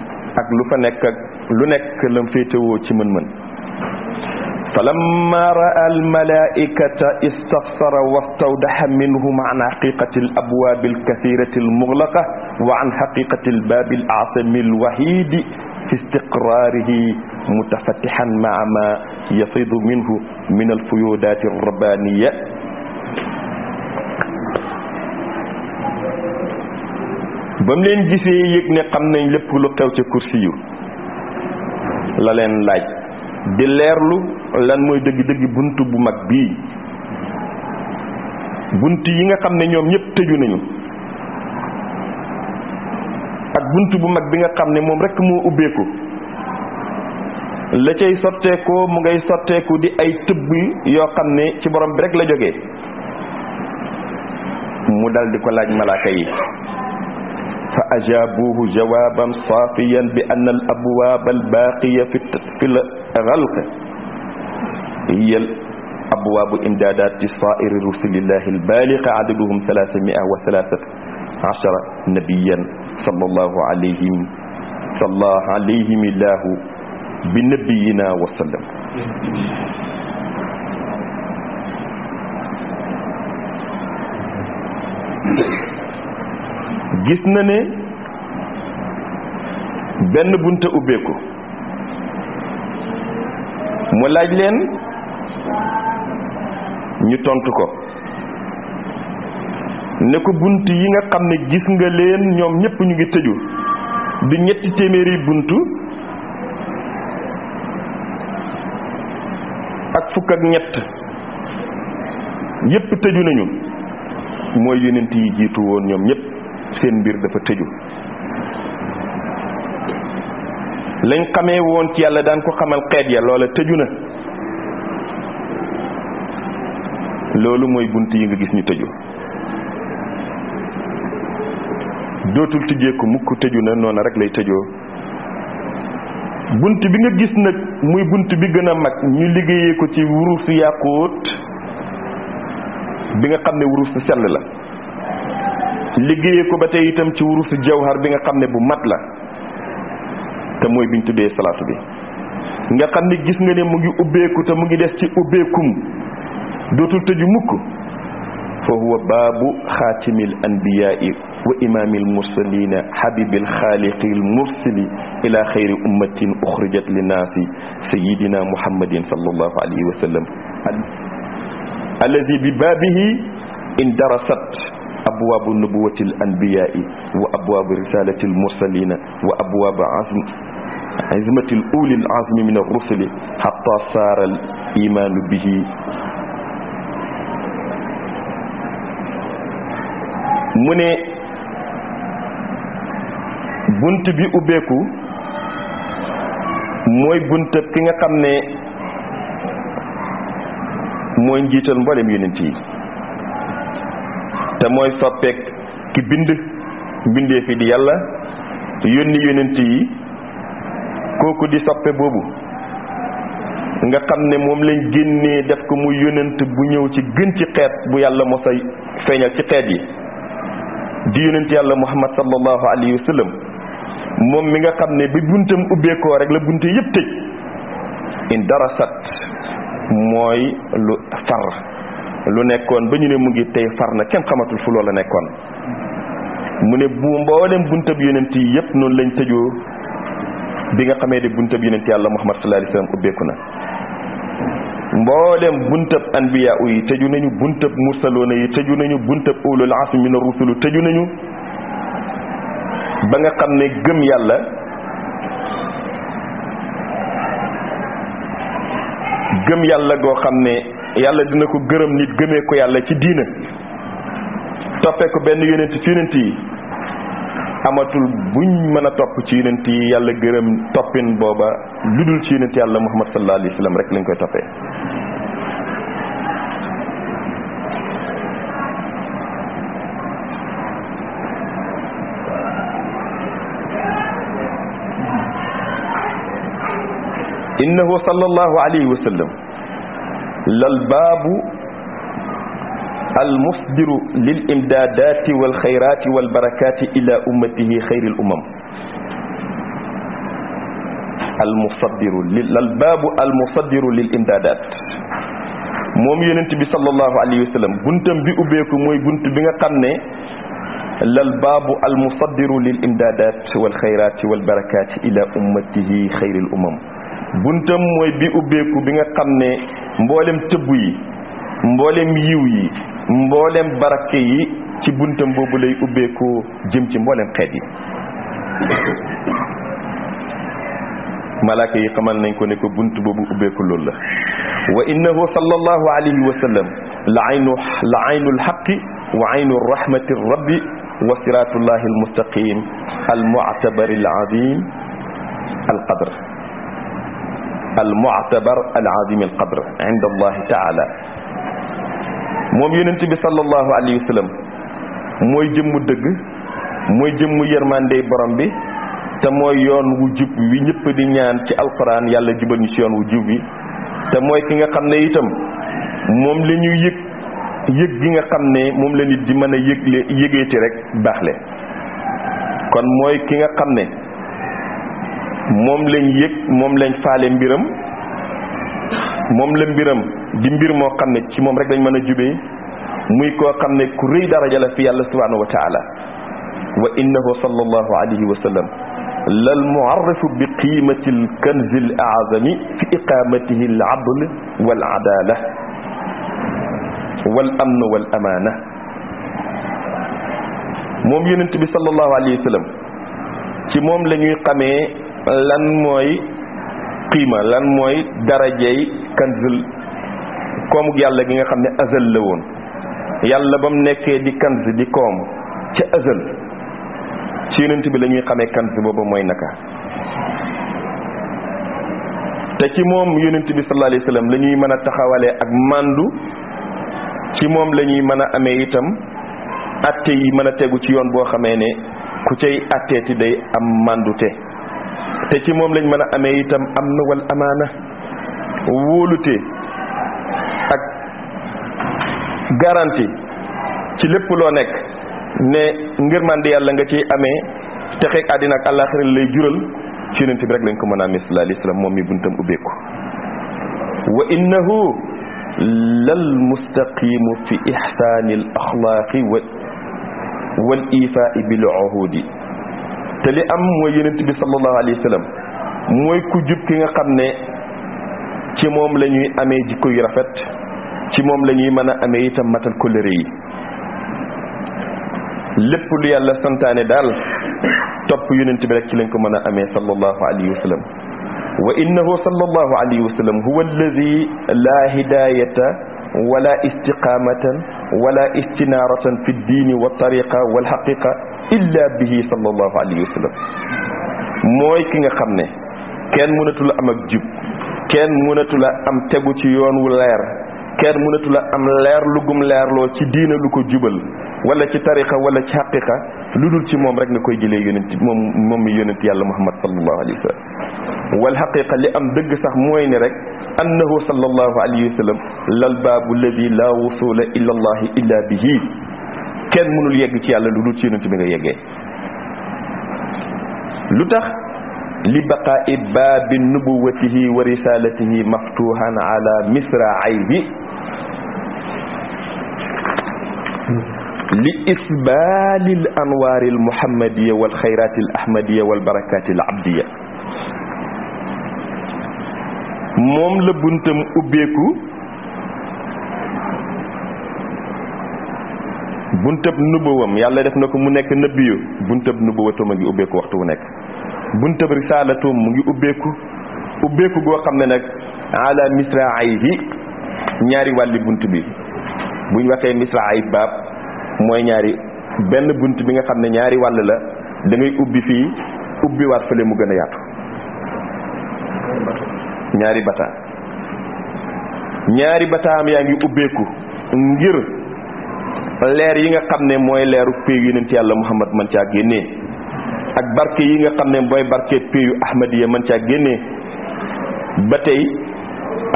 ak lu fa nekk ak lu nekk lam féetewoo ci mën-mën فلما رأى الملائكة استفسر واستودح منهم عن حقيقة الأبواب الكثيرة المغلقة وعن حقيقة الباب الأعظم الوحيد في استقراره متفتحا مع ما يفيض منه من الفيودات الربانية bam leen gisee yëg ne xam nañ lépp lu xew di leerlu lan mooy dëgg-dëgg bunt bu mag bii bunt yi nga xam ne ñoom ñëpp tëju nañu ak bunt bu mag bi nga xam ne moom rekk moo ubbeeku la cay sotteekoo mu ngay sotteeku di ay tëbb yoo xam ne ci borom bi rekk la jógee mu daldi ko laaj malaaka yi فأجابوه جوابا صافيا بأن الأبواب الباقية في الغلق هي الأبواب إمدادات صائر رسل الله البالغ عددهم 313 نبيا صلى الله عليهم صلى الله عليهم الله بنبينا وسلم Thank you. gis na ne benn bunta ubbeeku mu laaj leen ñu tontu ko ne ko bunt yi nga xam ne gis nga leen ñoom ñépp ñu ngi tëju du ñetti téeméeri buntu ak fukk ak ñett yépp tëju nañu mooy yonent yi jiitu woon ñoom ñépp seen mbir dafa tëju lañ xamee woon ci yàlla daan ko xamal xeet ya loola tëju na loolu mooy bunt yi nga gis ñu tëju dootul tijjeeku mukk tëju na noona rek lay tëjoo bunt bi nga gis nag muy bunt bi gën a mag ñu liggéeyee ko ci wurusu yàquut bi nga xam ne wurusu sell la liggéeyee ko ba tey itam ci wurusu jawhar bi nga xam ne bu mat la te mooy biñ tuddee salaatu bi nga xam ne gis nga ne mu ngi ubbeeku te mu ngi des ci ubbeekum dootul tëju mukk fa huwa baabu xaatimil anbiyaai wa imaamil mursalina habibil xaaliqil mursali ila xayri ummatin uxrijat linnaasi sayidina muhammadin sallallahu alayhi wa sallam alladi bi baabihi in darasat أبواب النبوة الأنبياء وأبواب رسالة المرسلين وأبواب عزم عزمة الأولي العزم من الرسل حتى صار الإيمان به من بنت bunt bi ubbeeku mooy buntab ki nga xam ne mooy te mooy soppeek ki bind mbindee fi di yàlla yónni yónent yi kooku di soppe boobu nga xam ne moom lañ génnee def ko mu yónent bu ñëw ci gën ci xeet bu yàlla mosa feeñal ci xeet yi di yónent yàlla muhammad sallallahu alayhi wa moom mi nga xam ne bi buntam ubbeekoo rek la bunte yëpp tëj in darasat mooy lu far lu nekkoon ba ñu ne mu ngi tey far na kenn xamatul fu loola nekkoon mu ne bu mboolem buntab yonent yi yëpp noonu lañ tëjoo bi nga xamee ne buntab yonent yàlla muhammad sallallahu alayhi wasallam ubbeeku na mboolem buntab anbiya yi tëju nañu buntab mursaloona yi tëju nañu buntab ulul azmi mina rusulu tëju nañu ba nga xam ne gëm yàlla gëm yàlla goo xam ne yàlla dina ko gërëm nit gëmé ko yàlla ci diina topé ko ben yonent ci yonent yi amatul buñ mëna top ci yonent yi yàlla gërëm toppin boba luddul ci yonent yàlla muhammad sallallahu alayhi wasallam rek lañ koy topé إنه صلى الله عليه وسلم للباب المصدر للإمدادات والخيرات والبركات إلى أمته خير الأمم المصدر للباب المصدر للإمدادات موم ينتبي صلى الله عليه وسلم بنتم بي أبيكم وي بنت بي قمني للباب المصدر للإمدادات والخيرات والبركات إلى أمته خير الأمم بنتم وي بي أبيكم بي قمني mbollem tëbb yi mbollem yiw yi mbollem barake yi ci buntam boobu lay ubbe ko jëm ci mbollem xet yi malaka yi xamal nañ ko ne ko buntu bobu ubbe ko lol la wa innahu sallallahu alayhi wa sallam la aynu la aynu alxaqi wa aynu rahmati ar rabbi wa siratullahi al-'azim al-qadr almuctabar alazim alqadr inda allahi taala moom yonent bi sallallahu alayhi wa sallam mooy jëmmu dëgg mooy jëmmu yërmandey borom bi te mooy yoon wu jub wi ñëpp di ñaan ci alquran yàlla jubal ñu ci yoon wu jub wi te mooy ki nga xam ne itam moom la ñu yëg yëg gi nga xam ne moom la nit di mën a yëgle yëgeeti rek baaxle kon mooy ki nga xam ne mom lañ yek mom lañ faale mbiram mom la mbiram di mbir mo xamné ci mom rek lañ mëna jubé muy ko xamné ku reuy dara jala fi yàlla subhanahu wa taala wa innahu sallallahu alayhi wa sallam lal muarrifu bi qimati al kanz al alazami fi iqamatihi al 'adl aladl waladala walamn walamana moom mom bi sallallahu alayhi wa sallam ci moom lañuy xamee lan mooy qiima lan mooy darajey kanzul koomuk yàlla gi nga xam ne azal la woon yàlla ba mu nekkee di kanz di koom ca azal ci yonent bi lañuy xamee kanz booba mooy naka te ci moom yonent bi sallallahu alayhi wasallam la mën a taxawalee ak màndu ci moom lañuy ñuy mën a amee itam atte yi mën a tegu ci yoon boo xamee ne ku cay atteeti day am màndute te ci moom lañ mën a amee itam am na wal amaana wóolute ak garanti ci lépp loo nekk ne ngërmande yàlla nga ciy amee texeeg àddina ak àllaaxira lay jural ci yonent bi rek lañ ko mën a amee sallallahu moom mi buntam ubbeeku wa innahu lal mustaqimu fi ihsaanil axlaaqi wal ifa bil uhud te li am moy yonent bi sallallahu alayhi wa sallam ku jub ki nga xam ne ci moom la ñuy amee jikko yu rafet ci moom la ñuy amé itam matal kóllëre yi lépp lu yalla santaane daal top yonent bi rek ci lañ ko mëna amé sallallahu alayhi wa sallam wa innahu sallallahu alayhi wa sallam huwa alladhi la hidayata ولا استقامة ولا استنارة في الدين والطريقة والحقيقة إلا به صلى الله عليه وسلم موي كيغا خامني كين ne kenn mënatul am ak jub kenn mënatul am tegu ci kenn mënatu am leer lu leerloo ci diina lu ko jubal wala ci tariqa wala ci xaqiqa lu dul ci moom rek nga koy jëlee yonent moom moom mi yonent yàlla muhammad sallallahu alayhi wa sallam wal am dëgg sax mooy ni rek annahu sallallahu alayhi wa sallam lal baabu ladi la wusula illa allahi illa bihi kenn mënul yegg ci yàlla lu dul ci yonent bi nga yeggee lu tax li baqaa'i baabi nubuwatihi wa risalatihi maftuhan ala misraayhi li isbaalil anwaaril muhammadiya wal al ahmadiya wal barakaatil abdiya moom la buntam ubbeeku buntab nubawam yàlla def na ko mu nekk nëbbiyu buntab nubuwatam a ngi ubbeeku waxtu wu nekk buntab risaalatum mu ngi ubbeeku ubbeeku goo xam ne nag ala misraihi ñaari wàlli bunt bi buñ waxee misla ay baab mooy ñaari benn bunt bi nga xam ne ñaari wàll la da ngay ubbi fii ubbi waat fële mu gën a yaatu ñaari bata ñaari bataam yaa ngi ubbeeku ngir leer yi nga xam ne mooy leeru péew yonent yàlla muhammad man caa génnee ak barke yi nga xam ne mooy barke péew ahmadiya man caa génnee ba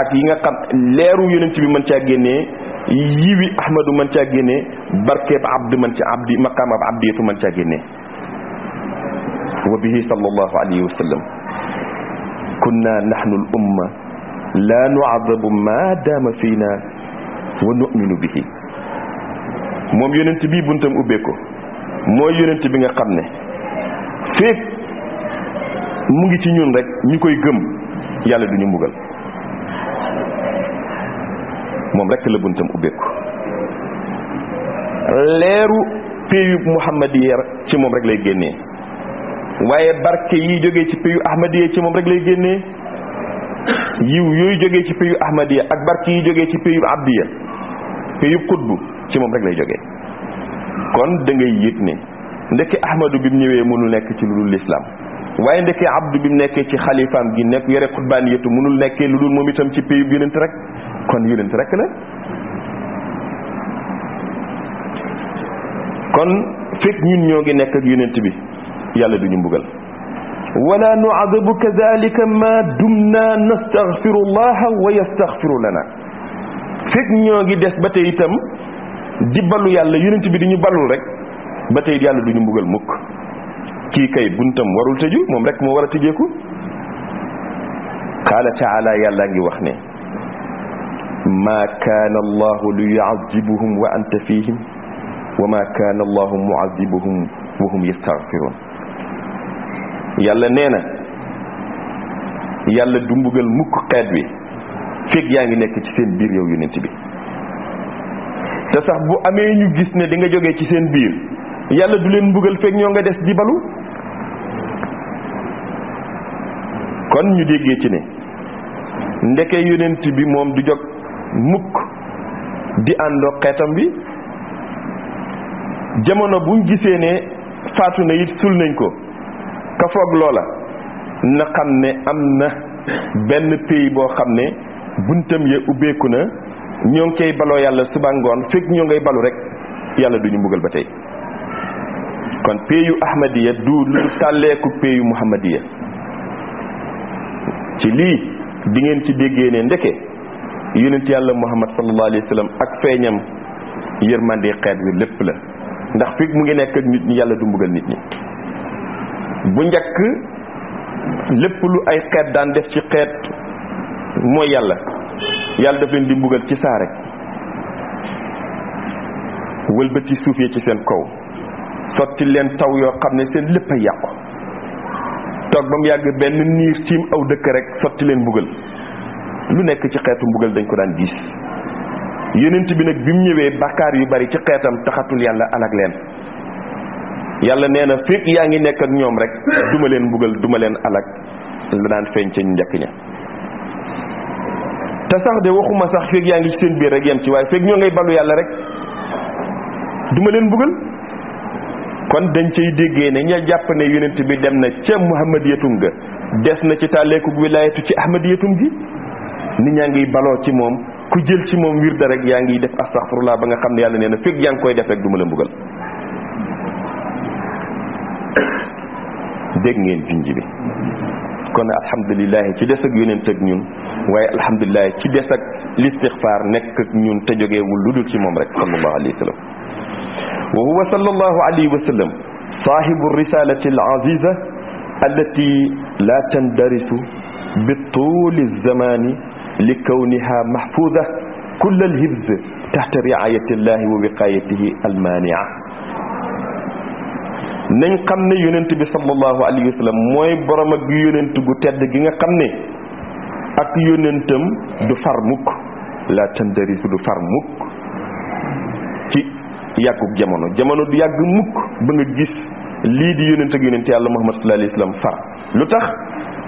ak yi nga xam leeru yonent bi man caa génnee yiwi ahmadu man caa génnee barkeeb abd man ca abdi maqaamab abdiyatu man caa génnee wa bihi sallallahu alayhi wa sallam kunna nahnu al umma la nuadabu ma dama fiina wa nu'minu bihi moom yonent bii buntam ubbeeko mooy yonent bi nga xam ne fépp mu ngi ci ñun rek ñu koy gëm yàlla du ñu mbugal moom rek la buntam ubbeeku leeru péeyub muhammadiya ci moom rek lay génnee waaye barke yi jóge ci péeyu ahmadiya ci moom rek lay génnee yiw yooyu jóge ci péeyu ahmadiya ak barke yi jóge ci péeyub abdiya péeyub xutbu ci moom rek lay jógee kon da ngay yëg ne ndekki ahmadu bi mu ñëwee mënul nekk ci lu dul lislaam waaye ndekkee abdu bi nekkee ci xalifaam gi nekk yore xutbaan yëtu mënul nekkee lu dul moom itam ci pays yonent rek kon yonent rek la kon fekk ñun ñoo ngi nekk ak yonent bi yàlla du ñu mbugal wala nuadabu kadalika ma dumna nastaghfiru allaha wa yastaghfiru lana fekk ñoo ngi des ba tey itam di ballu yàlla yonent bi di ñu ballul rek ba tey yàlla du ñu mbugal mukk kii kay buntam warul tëju moom rek moo war a tëjeeku qaala taala yàlla ngi wax ne maa kaana allahu li yuazibuhum wa anta fihim wa maa kaana allahu muazibuhum wa hum yastaghfiruun yàlla nee na yàlla du mbugal mukk xeet wi fekk yaa ngi nekk ci seen biir yow yonent bi te sax bu amee ñu gis ne di nga jógee ci seen biir yàlla du leen mbugal fekk ñoo nga des di balu kon ñu déggee ci ne ndeke yonent bi moom du jog mukk di àndoo xeetam bi jamono buñ gisee ne faatu na it sul nañ ko ka foog loola na xam ne am na benn pays boo xam ne buntam ya ubbeeku na ñoo ngi cay baloo yàlla suba ngoon fekk ñoo ngay balu rekk yàlla duñu mbugal ba tey kon péeyu ahmadiya du lu tàlleeku péeyu muhammadiya ci lii di ngeen ci déggee ne ndeke yonent yàlla muhammad sallallahu alayhi wa sallam ak feeñam yërmande xeet wi lépp la ndax fi mu ngi nekk ak nit ñi yàlla du mbugal nit ñi bu njëkk lépp lu ay xeet daan def ci xeet mooy yàlla yàlla daf leen di mbugal ci saa rek wëlbati suufee ci seen kaw sotti leen taw yoo xam ne seen lépp a yàqu toog ba mu yàgg benn niir tiim aw dëkk rek sotti leen mbugal lu nekk ci xeetu mbugal dañ ko daan gis yonent bi nag bi mu ñëwee bakkaar yu bari ci xeetam taxatul yàlla alak leen yàlla nee na fépp yaa ngi nekk ñoom rek duma leen mbugal duma leen alag la daan feeñ ca njëkk ña te sax de waxuma sax féeg yaa ngi ci seen biir rek yem ci waaye féeg ñoo ngay balu yàlla rek duma leen mbugal kon dañ cay déggee ne ña jàpp ne bi dem na ca muhammadiyatum ga des na ci tàlleekug wilaayatu ci ahmadiyatum gi nit ñaa ngiy baloo ci moom ku jël ci moom wirda rek yaa ngi def astaghfirullah ba nga xam ne yàlla nee na fekk yaa ngi koy def rek du ma la mbugal dégg ngeen junj bi kon alhamdulilah ci des ak yonent ak ñun waaye alhamdulilah ci des ak listixfaar nekk ak ñun te jógeewul lu dul ci moom rek wa وهو صلى الله عليه وسلم صاحب الرسالة العزيزة التي لا تندرس بطول الزمان لكونها محفوظة كل الهبز تحت رعاية الله ووقايته المانعة نين قمني ينتبه صلى الله عليه وسلم موي برمك ينتبه تدقين قمني أك ينتم دفر مك لا تندرس دفر مك yàgguk jamono jamono du yàgg mukk ba nga gis lii di yónent ak yónent yàlla muhammad sallallahu alayhi wasallam far lu tax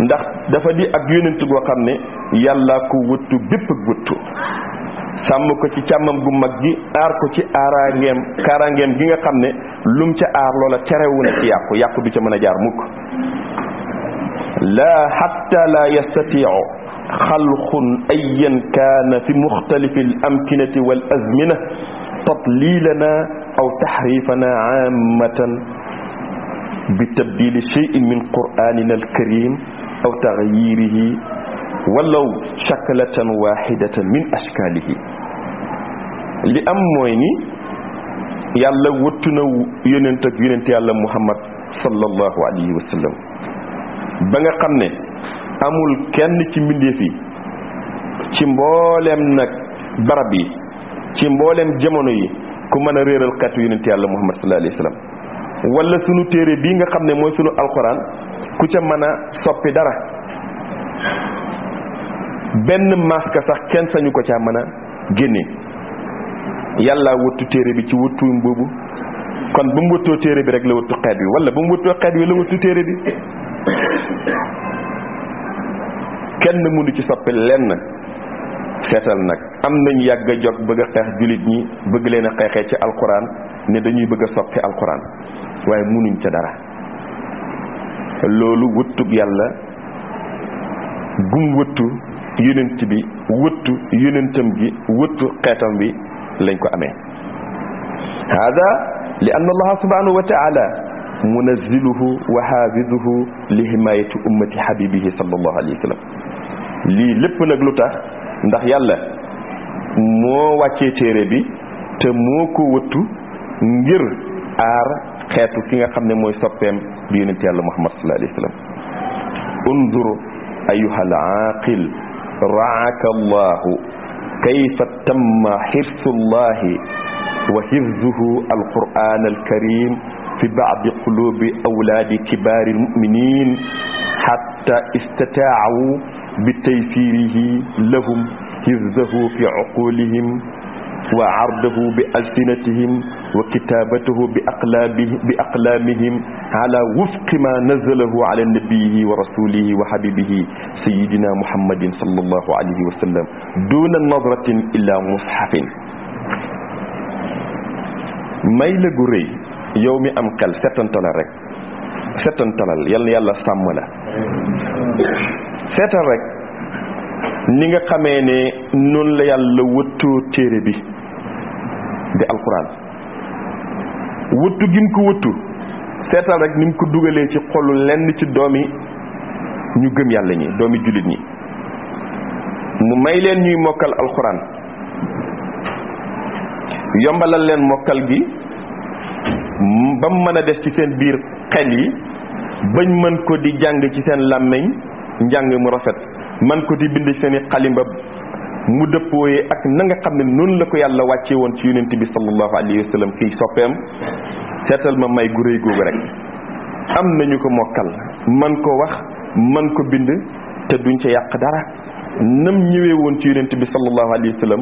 ndax dafa di ak yónent goo xam ne yàlla ko wëttu bépp ak wëttu sàmm ko ci càmmam gu mag gi aar ko ci aaraangeem kaaraangeem gi nga xam ne lum ca aar loola terewu na ci yàqu yàqu du ca mën a jaar mukk la hatta la yastatiu خلق أيا كان في مختلف الأمكنة والأزمنة تطليلنا أو تحريفنا عامة بتبديل شيء من قرآننا الكريم أو تغييره ولو شكلة واحدة من أشكاله لأمويني yàlla wëttuna yonent ak yonent yàlla muhammad sallallahu alayhi wa sallam ba nga amul kenn ci mbindeef yi ci mbooleem nag barab yi ci mbooleem jamono yi ku mën a réeral xeetu yonent yàlla muhammad sallallahu alayhi wa sallam sunu téere bii nga xam ne mooy sunu alxuraan ku ca mën a soppi dara benn masque sax kenn sañu ko caa mën a génne yàlla wëttu téere bi ci wutu boobu kon ba mu téere bi rek la wëttu xeet wi wala ba mu wëttoo xeet wi la wëttu téere bi kenn mënu ci soppi lenn seetal nag am nañ yàgg a jog bëgg a xeex jullit ñi bëgg leen a xeexee ci alquran ne dañuy bëgg a soppi alquran waaye mënuñ ca dara loolu wëttug yàlla gum wëttu yonent bi wëttu yonentam gi wëttu xeetam bi lañ ko amee hada li anna allaha subhanahu wa taala munazziluhu wa haafizuhu li himayati ummati habibihi sallallahu alayhi wa sallam li lépp nak lutax ndax yàlla mo wacce téré bi te moko ko ngir ar xetu ki nga xamne moy sopem bi yunus yàlla muhammad sallallahu alayhi wasallam unzur ayyuha ayuha al aaqil raaka allahu kayfa tamma xifsu llahi wa xifzuhu alquran alkarim في بعض قلوب أولاد كبار المؤمنين حتى استطاعوا بتيسيره لهم حفظه في عقولهم وعرضه بألسنتهم وكتابته بأقلامهم على وفق ما نزله على نبيه ورسوله وحبيبه سيدنا محمد صلى الله عليه وسلم دون نظرة إلا مصحف ميل قري يوم أمكال ستن mi ستن تلال يلا يلا سامنا seetal rek ni nga xamee ne noonu la yàlla wëttoo téere bi di alquran wëttu gi mu ko wëttu seetal rek ni mu ko dugalee ci xolu lenn ci doomi ñu gëm yàlla ñi doomi jullit ñi mu may leen ñuy mokkal alxuraan yombalal leen mokkal gi ba mu mën a des ci seen biir xel yi bañ mën ko di jàng ci seen làmmiñ njàng mu rafet man ko di bind seen i xalimba mu dëppooyee ak na nga xam ne noonu la ko yàlla wàcce woon ci yonent bi sallallahu alayhi wa sallam kii soppeem seetal ma may gu rëy googu rek am nañu ko mokkal man ko wax man ko bind te duñ ca yàq dara nam ñëwee woon ci yonent bi sallallahu alayhi wa sallam